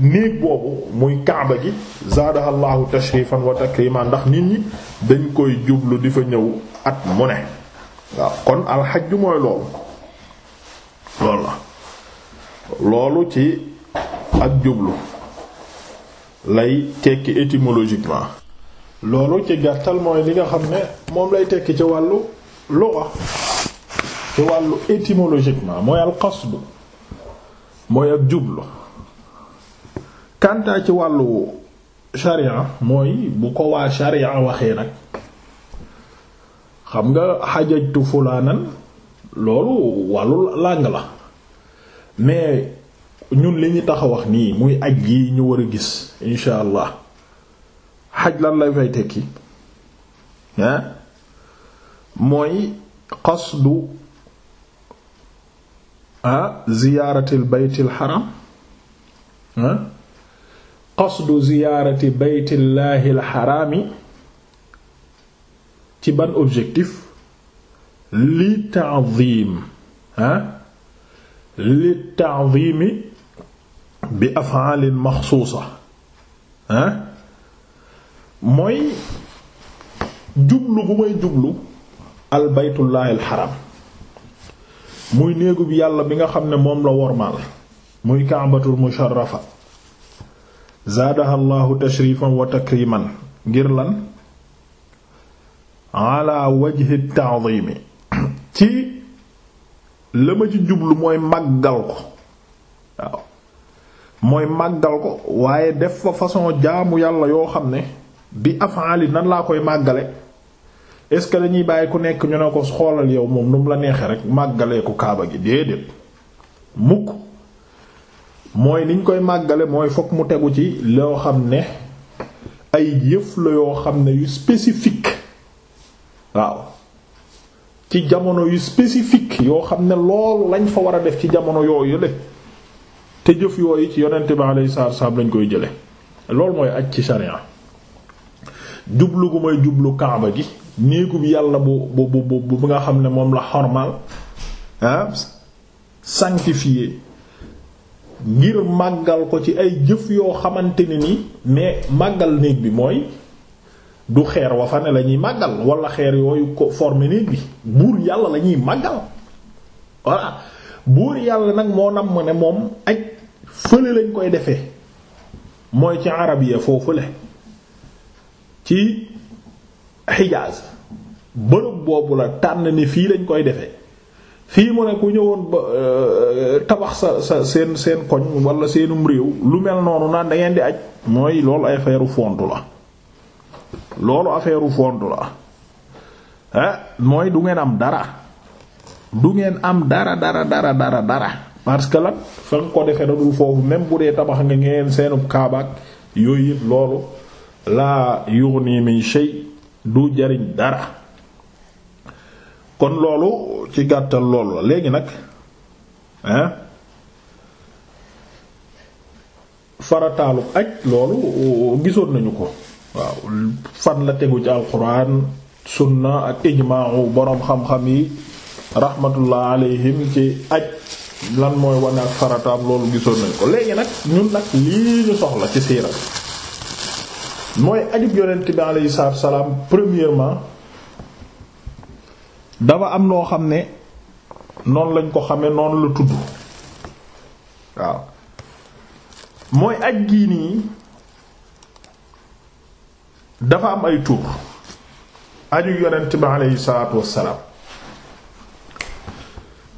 néeg boobu muy kaaba gi zaadaha llahu tashrifan wa takrima ndax nit ñi dañ koy jublu di fa ñëw at mu ne waaw kon alxajju mooy loolu loolu ci ak jublu tekki étymologiquement loolu ci gàttal mooy li nga xam ne moom lay tekki ci wàllu lugha ci wàllu étymologiquement mooy al qasd mooy ak jublu kantaa ci wàllu sharia mooy bu ko waa sharia waxee nag xam nga xajajtu fulaanan loolu wàllu làng la mais ñun li ñu tax wax nii muy aj yi ñu war a gis incha allah xaj lan lay fay tekki ah mooy qasdu ah ziyaaratil baytil xaram ah qasdu ziyaarati baytillaahil xaraami ci ban objectif li ta'ziim ah li ta'ziimi bi af'aalin maxsuusa ah mooy jublu bu may jublu al baytullahi al xaram muy néegu bi yàlla bi nga xam ne moom la wormaal muy kaabatul musharrafa zaadaha allahu tashrifan wa takriman ngir lan ala wajhi ta'zimi ci la ma ci jublu mooy màggal ko waaw mooy màggal ko waaye def fa façon jaamu yàlla yoo xam ne bi li nan laa koy màggale est ce que dañuy bàyyi ku nekk ñu ne ko xoolal yow moom nu mu la neexee rek màggalee ko kaaba gi déedéet mukk mooy niñ koy màggale mooy fokk mu tegu ci loo xam ne ay yëf la yoo xam ne yu spécifique waaw ci jamono yu spécifique yoo xam ne loolu lañ fa war a def ci jamono yooyu le te jëf yooyu ci yonent bi alayhi salaatu wasallam lañ koy jële loolu mooy aj ci sharia jublu gu may jublu kaaba gi néegu bi yàlla bu bu bu bu nga xam ne moom la xormal ah sanctifié ngir màggal ko ci ay jëf yoo xamante ne ni mais màggal néeg bi mooy du xeer wa fa màggal wala xeer yooyu ko formé néeg bi buur yàlla la ñuy màggal voilà buur yàlla nag moo nam ne moom aj fële lañ koy defee mooy ci arabiya foofu le ci xijaaz bërëb boobu la tànn ni fii lañ koy defe fii mu ne ku ñëwoon ba euh, tabax sa sa seen seen koñ walla seenum réew lu mel noonu naan da di aj mooy loolu ay affaire fontu la loolu affaire fontu la eh, mooy du ngeen am dara du ngeen am dara dara dara dara dara parce que lan fa nga ko defee dadul foofu même bu dee tabax nga ngeen seenub kaabaak yooyu yëpp loolu laa yughni min shay du jariñ dara kon loolu ci gàttal loolu la léegi nag hein farataalub aj loolu gisoon nañu ko waaw fan la tegu ci alxuraan sunna ak ijmaawu boroom xam-xam yi raxmatullah alayhim ci aj lan mooy wane ak farataam loolu gisoon nañ ko léegi nag ñun nag lii ñu soxla ci siira mooy ajub yonent bi alayhi salaatu salaam premièrement dafa am noo xam ne noonu lañ ko xamee noonu la tudd waaw mooy aj gii nii dafa am ay tur aju yonent bi alayhi salaatu wassalaam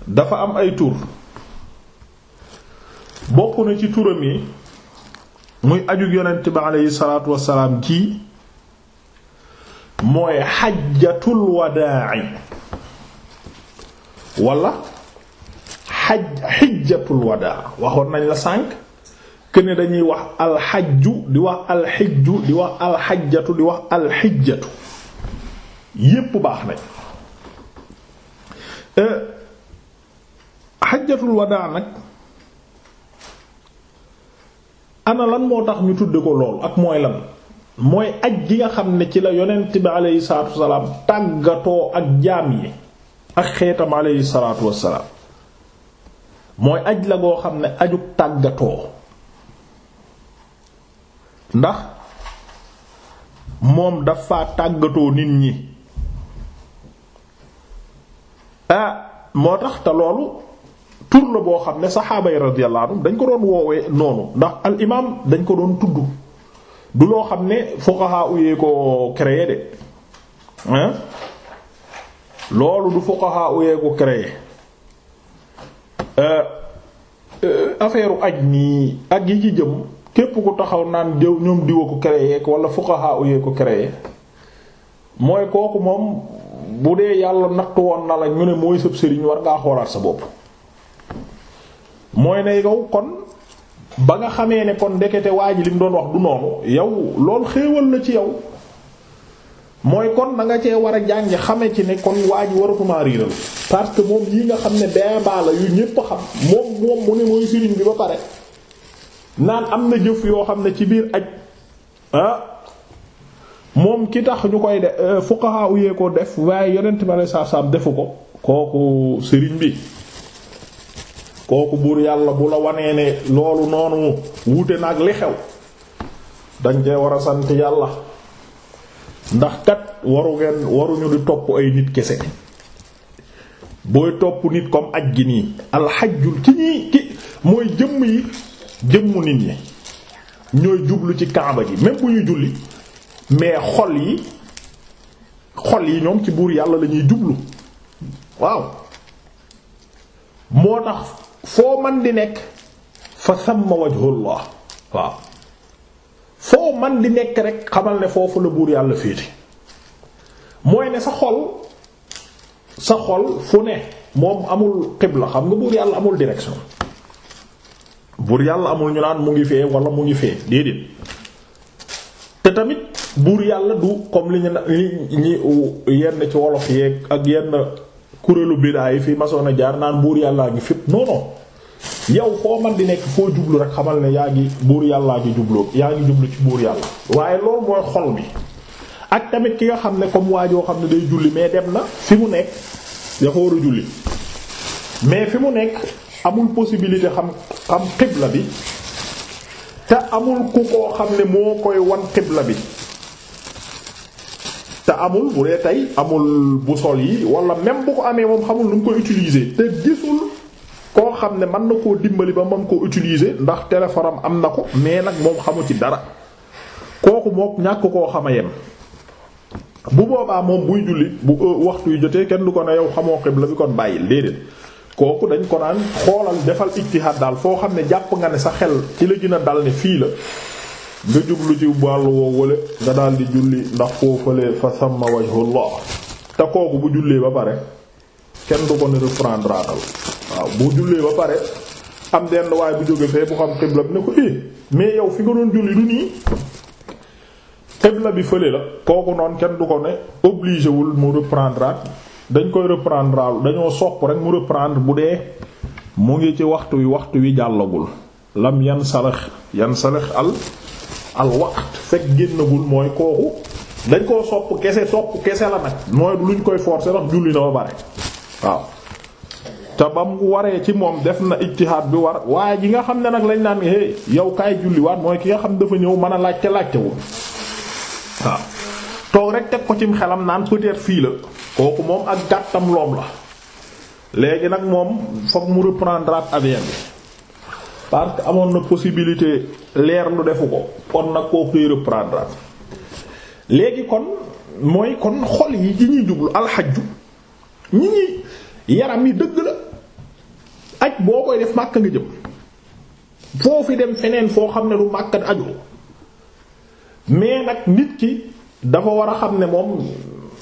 dafa am ay tur bokk na ci turam yi muy aju yonent bi aleyhi salaatu wassalaam ci mooy xajjatul wadaa wala xaj xijjatul wadaa waxoon nañ la sànk que ne dañuy wax alxajju di wax alxijju di wax alxajjatu di wax alxijjatu yépp baax nañ euh, xajjatul wadaa nag ana lan moo tax ñu tudde ko lool ak mooy lan mooy aj gi nga xam ne ci la yonent bi aleyhi salaatu wasalaam tàggatoo ak jaam yi ak xeetam aleyhi salaatu wasalaam mooy aj la goo xam ne aju tàggatoo ndax moom dafa tàggatoo nit ñi ah moo tax te loolu tur la boo xam ne saxaaba yi radiyallahu anhum dañ ko doon woowee noonu ndax al dañ ko doon tudd du loo xam ne fuqaha uyee ko créé de hein loolu du fuqaha uyee ko créé euh, euh, affaire aj nii ak yi ci jëm képp ku taxaw naan jëw ñoom diwa ko créé wala fuqaha uyee ko créé mooy kooku moom bu dee yàlla natt woon na la ñu ne mooy sëb sëriñ war ngaa xoolaat sa bopp mooy ne yow kon ba nga xamee ne kon ndekete waa ji mu doon wax du noonu yow loolu xéewal na ci yow mooy kon na nga cee war a jànge xame ci ne kon waa ji waratumaa riiral parce que moom yi nga xam ne baa la yu ñépp xam moom moom mu ne mooy sëriñ bi ba pare naan am na jëf yoo xam ne ci biir aj ah moom ki tax ñu koy de euh, fuqaha yee ko def waaye yonent ma lay saab-saab defu ko kooku sëriñ bi kooku buur yàlla bu la wanee ne loolu noonu wuute nag li xew dañ cee war a sant yàlla ndax kat waru ngeen waruñu di topp ay nit kese booy topp nit comme aj gi nii alxajjul ki ñii ki mooy jëmm yi jëmmu nit ñi ñooy jublu ci kaaba ji même bu ñuy julli mais xol yi xol yi ñoom ci buur yàlla lañuy jublu waaw moo tax foo man di nekk fa samma wajhullah waaw foo man di nekk rek xamal ne foofu la buur yàlla féete mooy ne sa xol sa xol fu ne moom amul xibla xam nga buur yàlla amul direction buur yàlla amul ñu naan mu ngi fee wala mu ngi fee déedéet te tamit buur yàlla du comme li ñu li ñi yenn ci wolof yeeg ak yenn kuréelu bidaa yi fi masoon a jaar naan buur yàllaa ngi fépp non yow foo man di nekk foo jublu rek xamal ne yaa ngi buur yàllaa ngi jublu yaa ngi jublu ci buur yàlla waaye loolu mooy xol bi ak tamit ki nga xam ne comme waa joo xam ne day julli mais dem na fi mu nekk dafa war mais fi mu nekk amul possibilité xam xam xibla bi te amul ku koo xam ne moo koy wan xibla bi te amul bu dee tey amul bu sol yi walla même bu ko amee moom xamul nu mu koy utiliser te gisul koo xam ne mën na koo dimbali ba mën koo utiliser ndax téléphone am na ko mais nag moom xamu ci dara kooku mook ñàkk koo xama yem bu boobaa moom buy julli bu euh, waxtu yu jotee kenn du ko ne yow xamoo xibla bi kon bàyyil déedéet kooku dañ ko naan xoolal defal ijtihaad daal foo xam ne jàpp nga ne sa xel ci la gën a dal ne fii la nga jublu ci wàllu woo wala nga daal di julli ndax foofale fa samma wajhullah te kooku bu jullee ba pare kenn du ko ne reprendre waaw boo jullee ba pare am denn waaye bu jóge fee bu xam xibla bi ne ko eh mais yow fi nga doon julli du nii xibla bi fële la kooku noonu kenn du ko ne obligé wul mu reprendre dañ koy reprendre al dañoo sopp rek mu reprendre bu dee mu ngi ci waxtu wi waxtu wi jàllagul lam yan salax yan salax al al waqt fekk génnagul mooy kooku dañ koo sopp kese sopp kese la nag mooy luñ koy forcer ndax julli na ba pare waaw te ba mu waree ci moom def na ijtihaad bi war waaye ji nga xam ne nag lañ naan hey yow kaay julliwaat mooy ki nga xam dafa ñëw mën a laajte laajte woon waaw toog rek teg ko cim xelam naan peut-être fii la kooku moom ak gàttam loom la léegi nag moom fokk mu reprendre avion bi parce amoon na possibilité leer lu defu ko kon nag koo koy reprendre léegi kon mooy kon xol yi ci ñuy jublu alxajju ñi ñi yaram yi dëgg la aj boo koy def màkk nga jëm foo dem feneen foo xam ne lu màkk ajoo mais nag nit ki dafa war a xam ne moom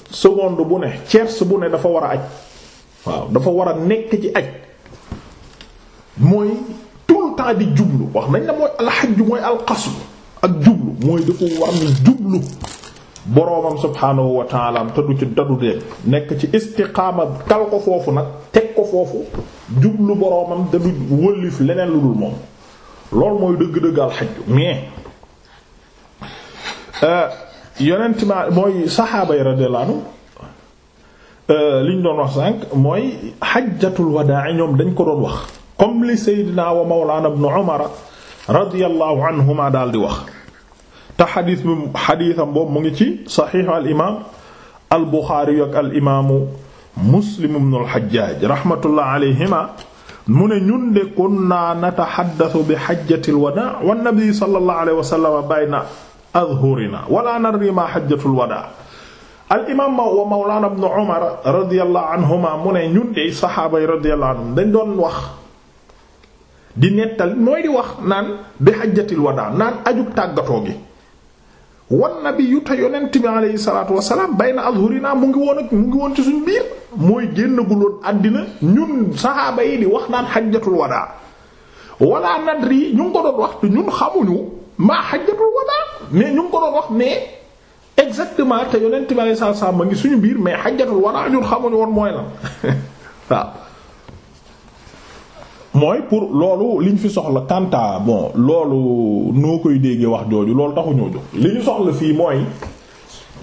seconde bu ne tierce bu ne dafa war a aj waaw dafa war a nekk ci aj mooy tout le temps di jublu wax nañ la mooy alxajju mooy alxaslu ak jublu mooy dafa war a jublu boroomam subhaanahu wa taala te du ci dadu de nekk ci istiqaama kal ko foofu nag teg ko foofu jublu boroomam da du wëllif leneen lu dul moom loolu mooy dëgg-dëgg alxajju euh, mooy saxaaba yi radiyallahu anhu euh, doon wax sànq mooy xajjatul wadaa ñoom dañ ko doon wax comme li Seydina wa Mawlaana ibn Umar anhuma daal di wax. te xadiis bi mu ngi ci saxiixu al imaam al buxaari ak al imaamu muslim ibnu al xajjaaj raxmatullah alayhima mu ne ñun de kunna nataxaddasu bi xajjatil wadaa wa nabi sallallahu alayhi wa sallam bayna azhurina wala nadri ma xajjatul wadaa al imaam wa mawlaana ibnu umar radiyallahu anhuma mu ne ñun de saxaaba yi radiyallahu anhum doon wax di nettal mooy di wax naan bi xajjatil wadaa naan aju tàggatoo gi. wan nabiyu te yonent bi aleyhi salaatu wasalaam bayna azhurina mu ngi woon ak mu ngi woon ci suñu biir mooy génnaguloon àddina ñun saxaaba yi di wax naan xajjatul wadaa wala nadri ñu ngi ko wax te ñun xamuñu maa xajjatul wadaa mais ñu ngi ko doon wax mais exactement te yonent bi aleyhi salaatu wasalaam a ngi suñu biir mais xajjatul wadaa ñun xamuñu woon mooy lan waaw mooy pour loolu liñ fi soxla kanta bon loolu noo koy déggee wax jooju loolu taxu ñoo jóg li ñu soxla fii mooy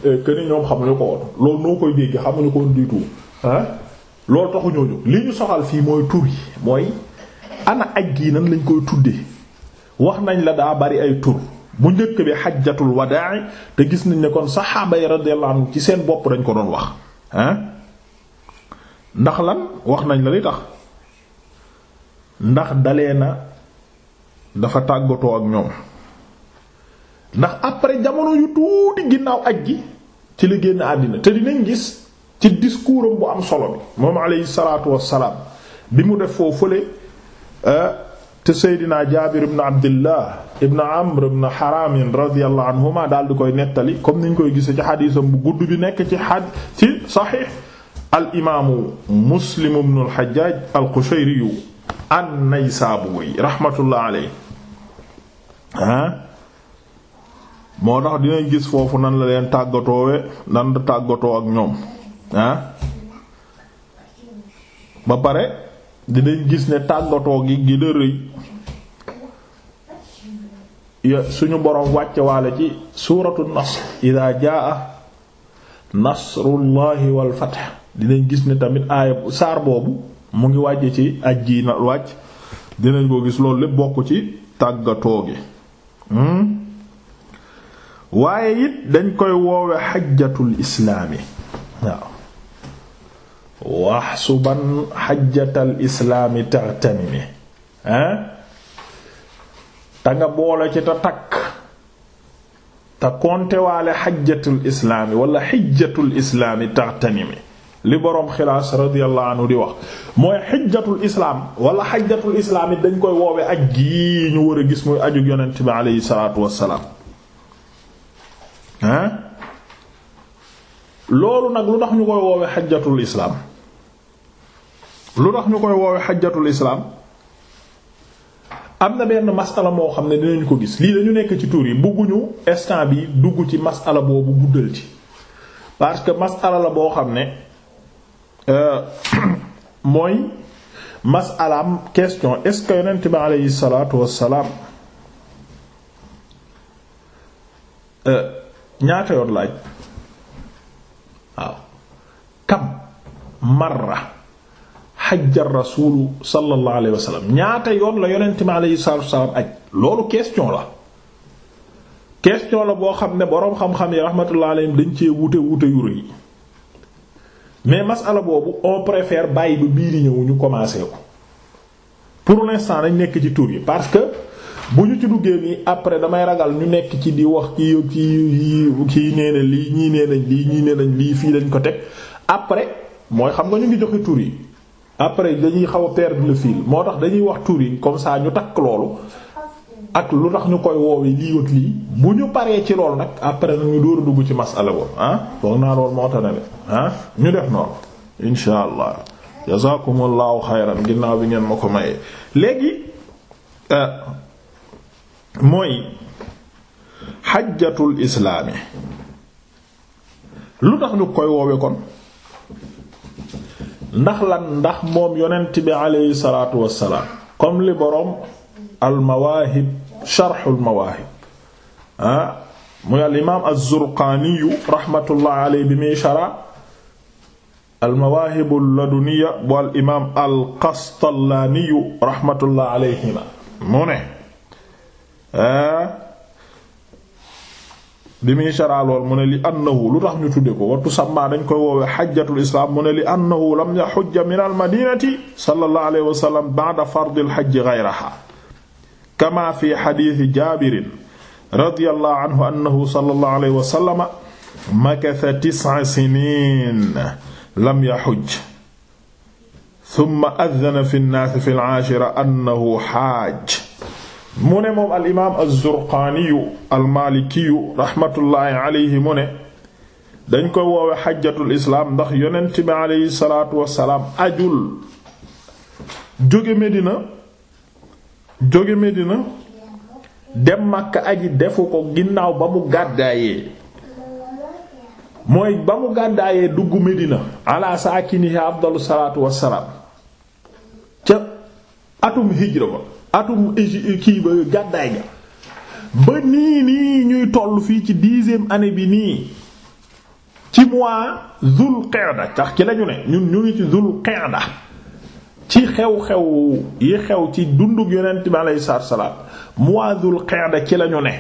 eh, que ni ñoom xamuñu ko woon loolu noo koy déggee ko woon du tout ah loolu soxal fii mooy tur yi mooy ana aj gii nan lañ koy tuddee wax nañ la daa bari ay tur bu njëkk bi xaj xajjatul wadaa te gis nañ ne kon saxaaba yi radiyallahu anhu ci seen bopp dañ ko doon wax ndax lan wax nañ la li tax. ndax dalee na dafa tàggatoo ak ñoom ndax après jamono yu tuuti ginnaaw ak gi ci la génn àddina te dinañ gis ci discours bu am solo bi moom aleyhi salaatu wassalaam bi mu def foo fële eh, te seydinaa jaabir ibn abdillah ibn amr ibn haramin radiallahu anhuma daal di koy nettali comme niñ koy gise ci xadiisam bu gudd bi nekk ci xad ci saxiix al imaamu muslim ibn al xajaaj al qushayri an-Naysaburi rahmatullah alayhi ah moo tax dinañ gis foofu nan la leen tàggatoowe nan la tàggatoo ak ñoom ah ba pare dinañ gis ne tàggatoo gi gi rëy suñu boroom wàcce waale ci suuratu nasr idaa jaa nasrullahi wal fath dinañ gis ne tamit aaya saar boobu mu ngi wàjj ci aj ji na wàcc dinañ ko gis loolu lépp bokk ci tàggatoo gi hmm? waaye it dañ koy woowe xajjatul islaami waaw wax suban xajjatal islaami tartamimi hein eh? te nga boole ci te takk te kontewaale xajjatul islaami wala xijjatul islaami tartamimi li borom xilaas radiyallahu anhu di wax mooy xijjatul islaam wala xajjatul islaam yi dañ koy woowe aj gii ñu war a gis muy aju yonent bi aleyhi salaatu wassalaam ah loolu nag lu tax ñu koy woowee xajjatul islaam lu tax ñu koy woowee xajjatul islaam am na benn masala moo xam ne dinañ ko gis lii dañu nekk ci tuur yi bugguñu instant bi dugg ci masala boobu guddal ci parce que masala la boo xam ne Euh, mooy masalaam question est-ce que yonent bi aleyhi salaatu wassalaam euh, ñaata yoon laaj waaw kam marra xajja rasulu sallallahu alayhi wa sallam ñaata yoon la yonent bi aleyhi salaatu wassalaam aj loolu question la question la boo xam ne boroom xam-xam yi rahmatullah alayhim dañ cee wute wute yu yi mais masala boobu on préfère bàyyi ba bii di ñëw ñu commencé ko pour l'instant dañ nekk ci tur yi parce que bu ñu ci duggee nii après damay ragal ñu nekk ci di wax kii kii kii ki na lii ñii nee nañ lii ñii nee nañ lii fii lañ ko teg après mooy xam nga ñu ngi joxe tur yi après dañuy xaw a perdre le moo tax dañuy wax tur yi comme ça ñu takk loolu ak lu tax ñu koy woowe lii ak lii bu ñu paree ci lool nag après nag ñu dóor dugg ci masala boobu ah foog naa lool moo tax na def ah. ñu def noonu insha allah jazakumullahu ginnaaw bi ngeen ma ko mayee léegi euh, mooy xajjatul islaami lu tax ñu koy woowe kon ndax lan ndax moom yonent bi aleyhi salaatu wassalaam comme li boroom al mawaahib sharxul mawaahib ah muy al imaam az-Zurqaaniyu rahmatullah aleyhi bi muy shara al mawaahibu laduniya bu al imaam al Qastallaaniyu rahmatullah aleyhima mu ne bi muy shara lool mu ne li annahu lu tax ñu tudde ko wattu sàmmaa dañ koy woowee xajjatul islaam mu ne li annahu lam yaxujja min al madinati sallallahu alayhi wa sallam ba'da fardil xajji ghayraha kama fi xadiisi jaabirin radiyallahu anhu annahu sallallahu alayhi wa sallama makasa tis'a siniin lam yaxujj summa addana fi nnaasi fi al-aashira annahu xaaj mu ne moom alimaam az-Zurqaaniyu almaalikiyu raxmatullaahi alayhi mu ne dañ koy woowe xajjatul islaam ndax yonent bi alayhi salaatu wasalaam ajul jóge Medina jóge Medina dem Makka aji defu ko ginnaaw ba mu gàddaayee mooy ba mu gàddaayee dugg Medina ala saakinihi afdalu salaatu wassalaam ca atum hijra ba atum kii ba gàddaay ga ba nii nii ñuy toll fii ci dixième année bi nii ci mois Zul Qa'da tax ci lañu ne ñun ñu ngi ci Zul Qa'da ci xew-xew yi xew ci dundug yonent bi alayhi salaam muwaazul qa'da ci lañu ne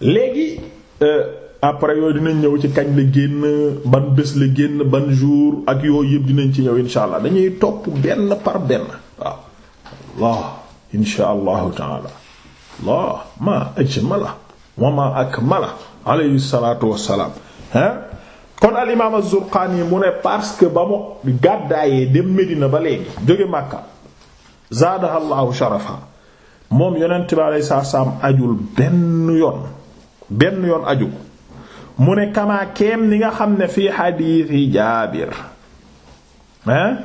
léegi euh, après yooyu dinañ ñëw ci kañ la génn ban bés la génn ban jour ak yooyu yëpp dinañ ci ñëw insha allah dañuy topp benn par benn waaw Allah insha allahu taala Allah ma ajmala wa ma akmala alayhi salaatu wassalaam ha kon al imaam az mu ne parce que ba mu gàddaayee dem Medina ba léegi jóge Makka zaadaha sharafa moom yonent bi alayhi salaam ajul benn yoon benn yoon aju ko mu ne kamaa keem ni nga xam ne fii xadiisi Jaabir hein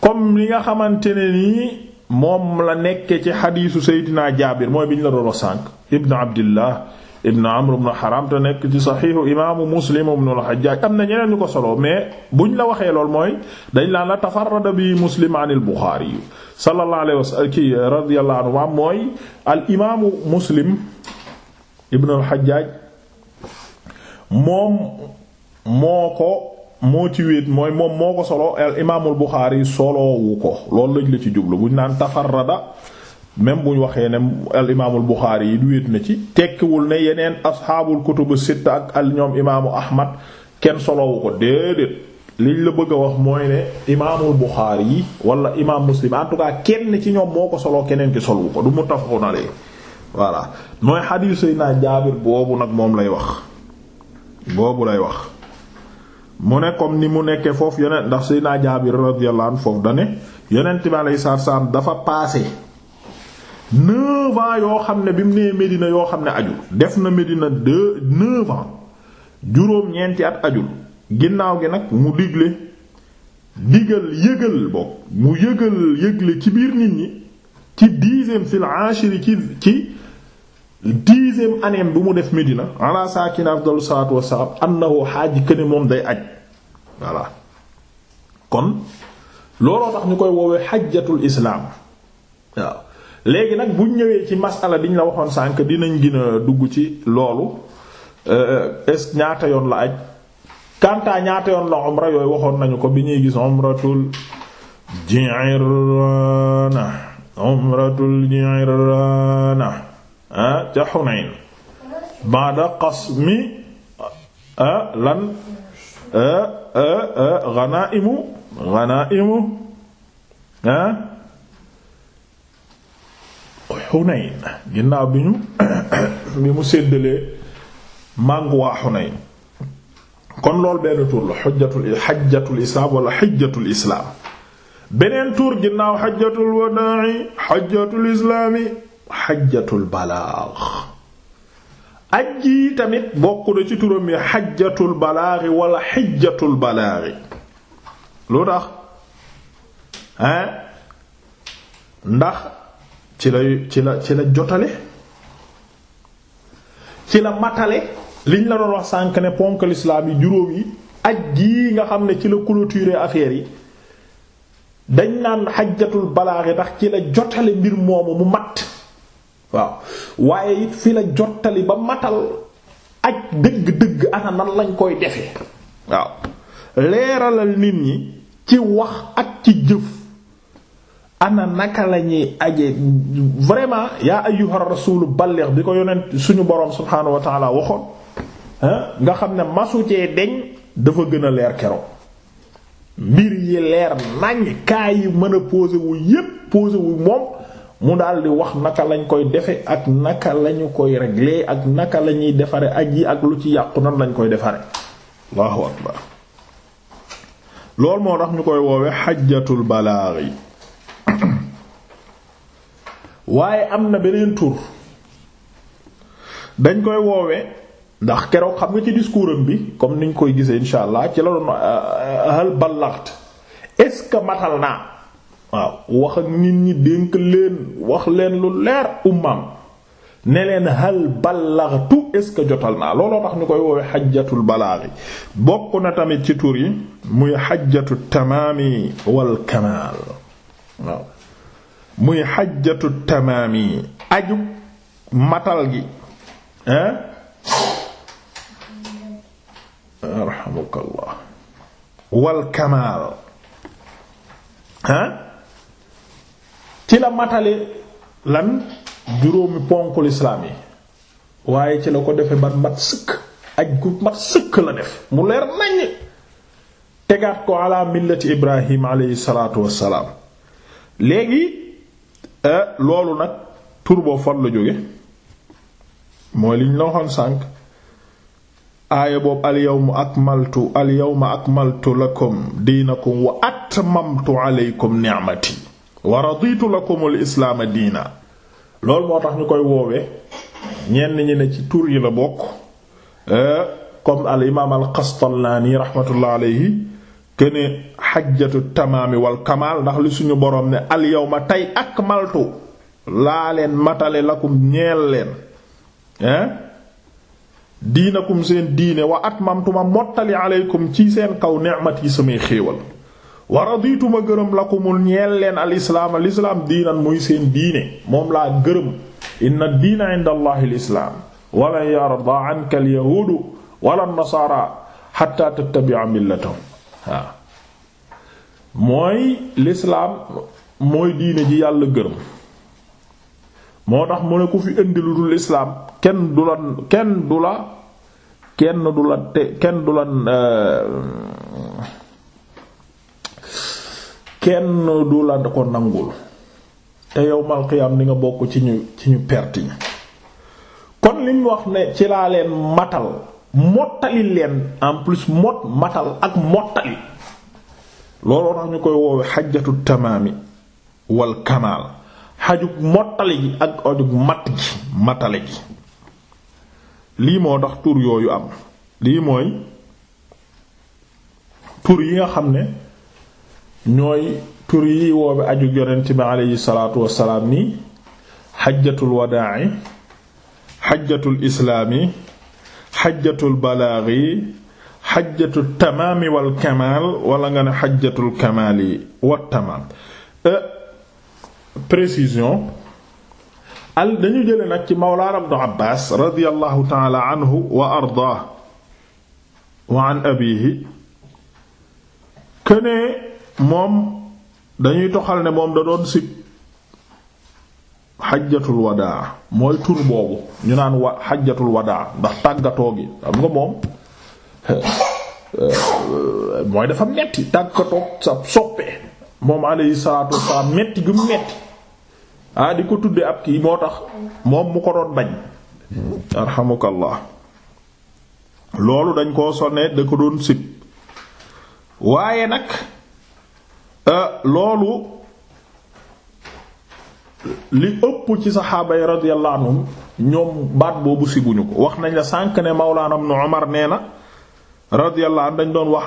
comme li nga xamante ne nii moom la nekke ci xadiisu Seydina Jaabir mooy bi ñu la doon sànq Ibn Abdillah ibn amr ibn haram te nekk ci saxiixu imaamu muslim ibn al-hajjaj am na ñeneen ñu ko solo mais bu buñ la waxee lool mooy dañ laan la tafarrada bi muslim an al-buxaari yu sallallahu alayhi wa sallam ki radiyallahu anhu mooy al imaamu muslim ibn al moom moo ko moo ci wéet solo ko loolu lañ la ci jublu buñ naan tafarrada même bu waxee ne al imaamul Buxaari yi du wéet na ci tekkiwul ne yeneen asxaabul kutubu sitta ak al ñoom imaamu Ahmad kenn solowu ko déedéet liñ la bëgg a wax mooy ne imaamul Buxaari yi wala imaam Muslim en tout cas kenn ci ñoom moo ko soloo keneen ki solowu ko du muttafaqun alayhi voilà mooy xadiis Seydina Jaabir boobu nag moom lay wax boobu lay wax mu ne comme ni mu nekkee foofu yeneen ndax Seydina Jaabir radiyallahu anhu foofu dane yeneen bi aleyhi salaatu salaam dafa passé neuf yoo xam ne bi mu nee Medina yoo xam ne ajul def na Medina deux neuf juróom-ñeenti at ajul ginnaaw gi nag mu digle digal yëgal bokk mu yëgal yëgle ci biir nit ñi ci dixième fil ashiri ci ci dixième année bu mu def Medina ala saakina afdalu salaatu wassalaam annahu xaaj këne moom day aj voilà kon looloo tax ñu koy woowee xajjatul islaam waaw léegi nag buñ ñëwee ci masala bi ñu la waxoon sànk dinañ gën dugg ci loolu euh, est ñaata yoon la aj kanta ñaata yoon la umra yooyu waxoon nañu ko bi ñuy gis umratul ji'rana umratul ji'rana ah ca Hunayn ba'da qasmi ah, lan ah, ah, ghanaimu ghanaimu ah Xunayn ginnaaw bi ñu bi mu séddalee màngu waa kon loolu benn tuur la xujjatul xajjatul islaam wala xijjatul islaam beneen tuur ginnaaw xajjatul tamit bokk na ci turam yi xajjatul balaaxi wala xijjatul balaaxi lu tax hein ndax ci la ci la jotale ci la matale liñ la doon wax sànq ne ponk lislaam yi juróom yi aj gii nga xam ne ci la clôturer affaire yi dañ naan xajjatul balaax ndax ci la jotale mbir moomu mu mat waaw waaye it fi la jottali ba matal ak dëgg-dëgg ana lañ koy defee waaw leeralal nit ñi ci wax ak ci jëf ana naka la ñuy aje vraiment yaa ayyuha rasulu balligh bi ko yonent suñu boroom subhaanahu wa taala waxoon nga xam ne masu cee deñ dafa gën a leer kero mbir yi leer nañ kaa yi mën a posé wu yépp pose wu moom mu daal di wax naka lañ koy defe ak naka lañu koy regle ak naka la ñuy defare ak yi ak lu ci yàqu nan lañ koy defare allahu akbar loolu moo tax ñu koy woowe xajjatul balaghi waaye am na beneen tur dañ koy woowe ndax keroog xam nga ci discours am bi comme niñ koy gisee insha allah ci la doon euh, hal ballaxt est-ce que matal naa waaw wax ak nit ñi dénk leen wax leen lu leer ummaam ne leen hal ballaxtu est-ce que jotal naa looloo tax ñu koy woowee xajjatul balaaxi bokk na tamit ci tur yi muy xajjatu tamaami wal waaw muy xajjatu tamaami aju matal gi arhamukallah wal ci la matale lan juróomi ponku lislaam yi waaye ci la ko defe ba mat sëkk aj gu mat sëkk la def mu leer naññ tegaat ko ala millati ibrahim aleyhi salaatu wassalaam léegi loolu nag tur boo fan la jóge mooy liñ la waxoon sànq aaya boobu alyawma akmaltu alyawma akmaltu lakum diinakum wa atmamtu alaykum ni'mati wa raditu lakum al-islaama diina loolu moo tax ñu koy woowee ñenn ñi ne ci tur yi la bokk eh, comme al imaam al-Qastallaani rahmatullah alayhi këne xajjatu tamaami wal kamaal ndax li suñu boroom ne al yawma tey ak maltu laa leen matale lakum ñeel leen hein diinakum seen diine wa atmamtu ma mottali aleykum ci seen kaw ni'mat yi samay xéewal wa raditu gërëm lakumul ñeel leen al islaam diinan muy seen diine moom laa gërëm inna diina inda allahi al islaam anka al yahuudu wala nasaara xatta tattabi'a millatahum waaw mooy lislaam mooy diine ji yàlla gërëm moo tax mu ne ko fi indi lu kenn du la kenn du la kenn du la te kenn du la euh, kenn du la ko nangul te yowmal qiyaam di nga bokk ci ñu ci ñu perte ñi kon liñ wax ne ci laa leen matal mottali leen en plus mot matal ak mottali looloo tax ñu koy woowe xajjatu tamaami wal kamaal xajug mottali gi ak ajug matt gi matale gi lii moo tax tur yooyu am lii mooy tur yi nga xam ne ñooy tur yi woobe aju yonent bi aleyhi salaatu wasalaam ni xajjatul wadaa'i xajjatul islaami xajjatul balaagi xajjatu tamaami wal kamaal wala nga ne xajjatul kamaali wa tamaam euh, précision al dañu jële nag ci mawlaana ibnu abbaas radiyallahu taala anhu wa ardaah wa an kënee moom dañuy toxal ne moom da doon sib xajjatul wadaa mooy tur boobu ñu naan wa xajjatul wadaa ndax tàggatoo gi xam nga moom euh, mooy dafa metti tàggatoo sa soppe moom alayhi salaatu wassalaam metti gu metti ah di ko tudde ab kii moo tax moom mu ko doon bañ arhamukallah loolu dañ koo sonnee da ko doon sib waaye nag euh, loolu li ëpp ci saxaaba yi radiyallahu anhum ñoom baat boobu siguñu ko wax nañ la sànq ne Mawlaana Ibnu Umar nee na radiyallahu dañ doon wax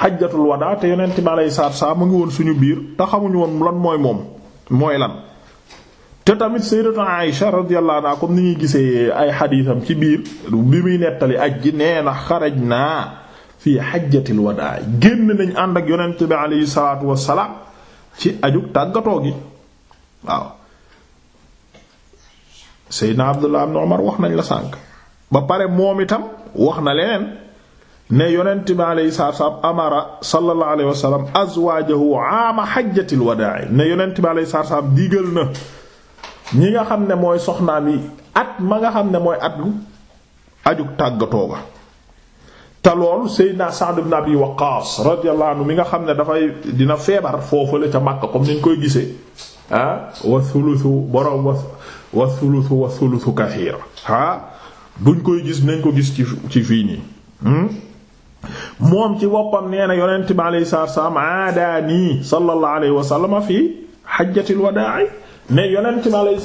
xajjatul wadaa te yonent bi alayhi salaatu salaam mu ngi woon suñu biir te xamuñu woon lan mooy moom mooy lan. te tamit sayyidatu Aïsha radiyallahu anha comme ni ñuy gisee ay xadiisam ci biir bi muy nettali aj ji nee na xaraj naa fii xajjatil wadaa génn nañ ànd ak yonent bi alayhi salaatu wassalaam ci aju tàggatoo gi waaw. Seydina Abdullah ibn Umar wax nañ la sànk ba pare moom itam wax na leneen ne yonent bi alayhi salaatu wa salaam amara sallallahu alayhi wa sallam azwaajahu aama hajjatil wadaa ne yonent bi alayhi salaatu wa salaam na ñi nga xam ne mooy soxnaam yi at ma nga xam ne mooy at lu aju tàggatoo ga te lool Seydina Sa'd ibn Abi Waqqaas radiyallahu mi nga xam ne dafay dina feebar foofu la ca Makka comme niñ koy gisee ah wa thuluthu borom wa thuluthu wa thuluthu kathir ah buñ koy gis nañ ko gis ci ci fii nii hmm? moom ci boppam nee na yonent bi alayhi salaatu wa salaam aadaani sallallahu alayhi wa sallam fi hajjatil wadaa ne yonent bi alayhi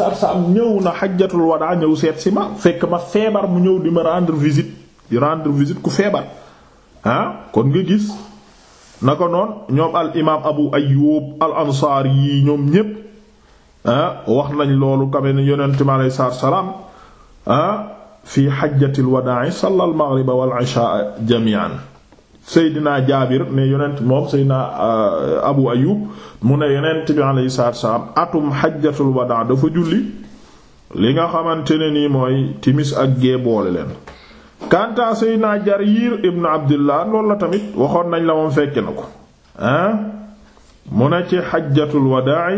ñëw na hajjatul wadaa ñëw seet si ma fekk ma feebar mu ñëw di ma rendre visite di rendre visite ku feebar kon nga gis naka noonu ñoom al imaam Abu Ayyub al ansaar yi ñoom ñépp Ah, wax nañ loolu kamen yonent mi aleyhi salaatu salaam ah, fi xajjatil wadaa salla al maghriba wal ishaa jamii'an Seydina Jaabir ne yonent moom Seydina ah, Abu Ayyub mu ne yonent bi atum xajjatul wadaa dafa julli li nga xamante ne nii mooy timis ak gée boole leen kanta Seydina Jariir ibn Abdillah loolu la tamit waxoon nañ la moom fekke na ko ah mu ne ci xajjatul wadaa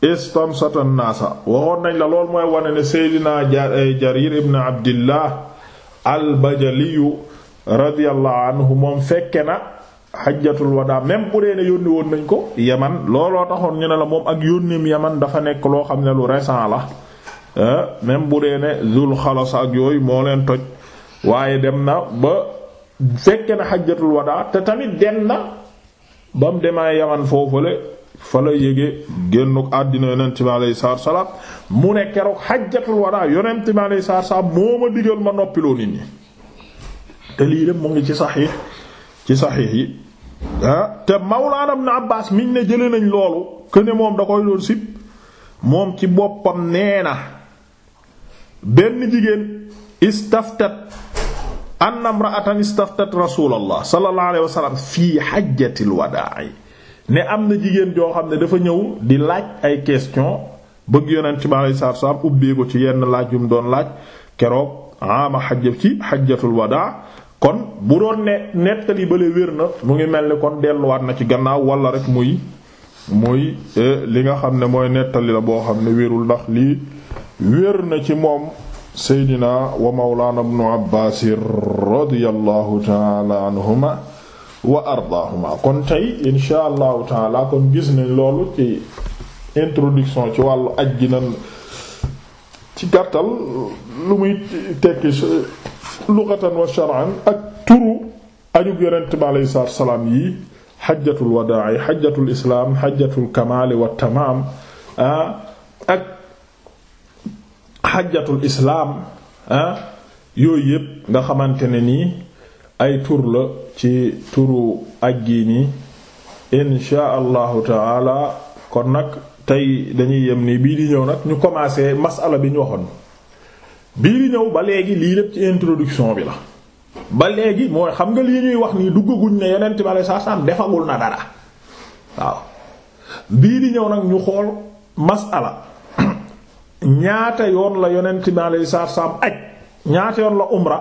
istamsata naasa waxoon nañ la lool mooy wane ne seydina eh, jarir ibn abdillah albajaliyu radiyallahu anhu moom fekke na xajjatul wadaa même bu dee ne yónni woon nañ ko yaman looloo taxoon ñu ne la moom ak yónnim yaman dafa nekk loo xam ne lu récent la eh, même bu dee ne zul xalasa ak yooyu moo leen toj waaye dem na ba fekke na xajjatul wadaa te tamit dem na ba mu demee yaman foofule fa la yége génnuk àddina yonent bi alayhi salaam mu ne keroog xajjatul wadaa yonent bi alayhi salaatu salaam moo ma digal ma noppiloo nit ñi te lii lépp mu ngi ci saxiix ci saxiix yi te Mawlaana Ibn Abbaas miñ ne jële nañ loolu këne moom da koy doon sib moom ci boppam nee na benn jigéen istaftat anna imra'atan istaftat rasuulallah sallallahu alayhi fii xajjatil wadaa ne am na jigéen joo xam ne dafa ñëw di laaj ay question bëgg yonent bi aleyhi salaatu salaam ko ci yenn laaj yu mu doon laaj keroog ama xajja ci xajjatul wadaa kon bu doon ne nettali bale wér na mu ngi mel ni kon delluwaat na ci gannaaw wala rek muy muy e, li nga xam ne mooy nettali la boo xam ne wérul ndax lii wér na ci moom seydina wa mawlaana ibnu abbaasir radiyallahu taala anhuma wa ardaahuma kon tey insha allahu taala kon gis nañ loolu ci introduction ci wàllu aj gi nan ci gàttal lu muy tekki lughatan wa shar'an ak turu ajug yonent bi alayhi salaatu salaam yi xajjatul wadaa xajjatul islaam xajjatul kamaali wa tamaam ak xajjatul islaam yooyu yépp nga xamante ne nii ay tur la ci turu aj yi nii insha allahu taala kon nag tey dañuy yem ni bii di ñëw nag ñu commencé masala bi ñu waxoon bii di ñëw ba léegi lii lépp ci introduction bi la ba léegi mooy xam nga lii ñuy wax nii duggaguñ ne yeneen bi alei saa salaam defagul na dara waaw bii di ñëw nag ñu xool masala ñaata yoon la yonenti bi alei saa salaam aj ñaata yoon la umra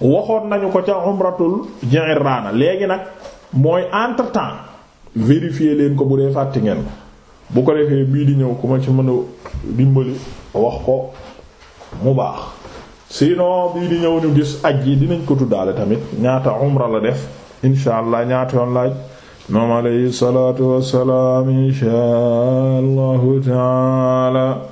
waxoon nañu ko ca umratul Ji'rana léegi nag mooy entre temps vérifier leen ko bu dee fàtte ngeen bu ko defee bii di ñëw ku ci mën a dimbali wax ko mu baax sinon bii di ñëw ñu gis aj yi dinañ ko tuddaale tamit ñaata umra la def insha allah ñaata yoon laaj moom alayhi salaatu wassalaam insha allahu taala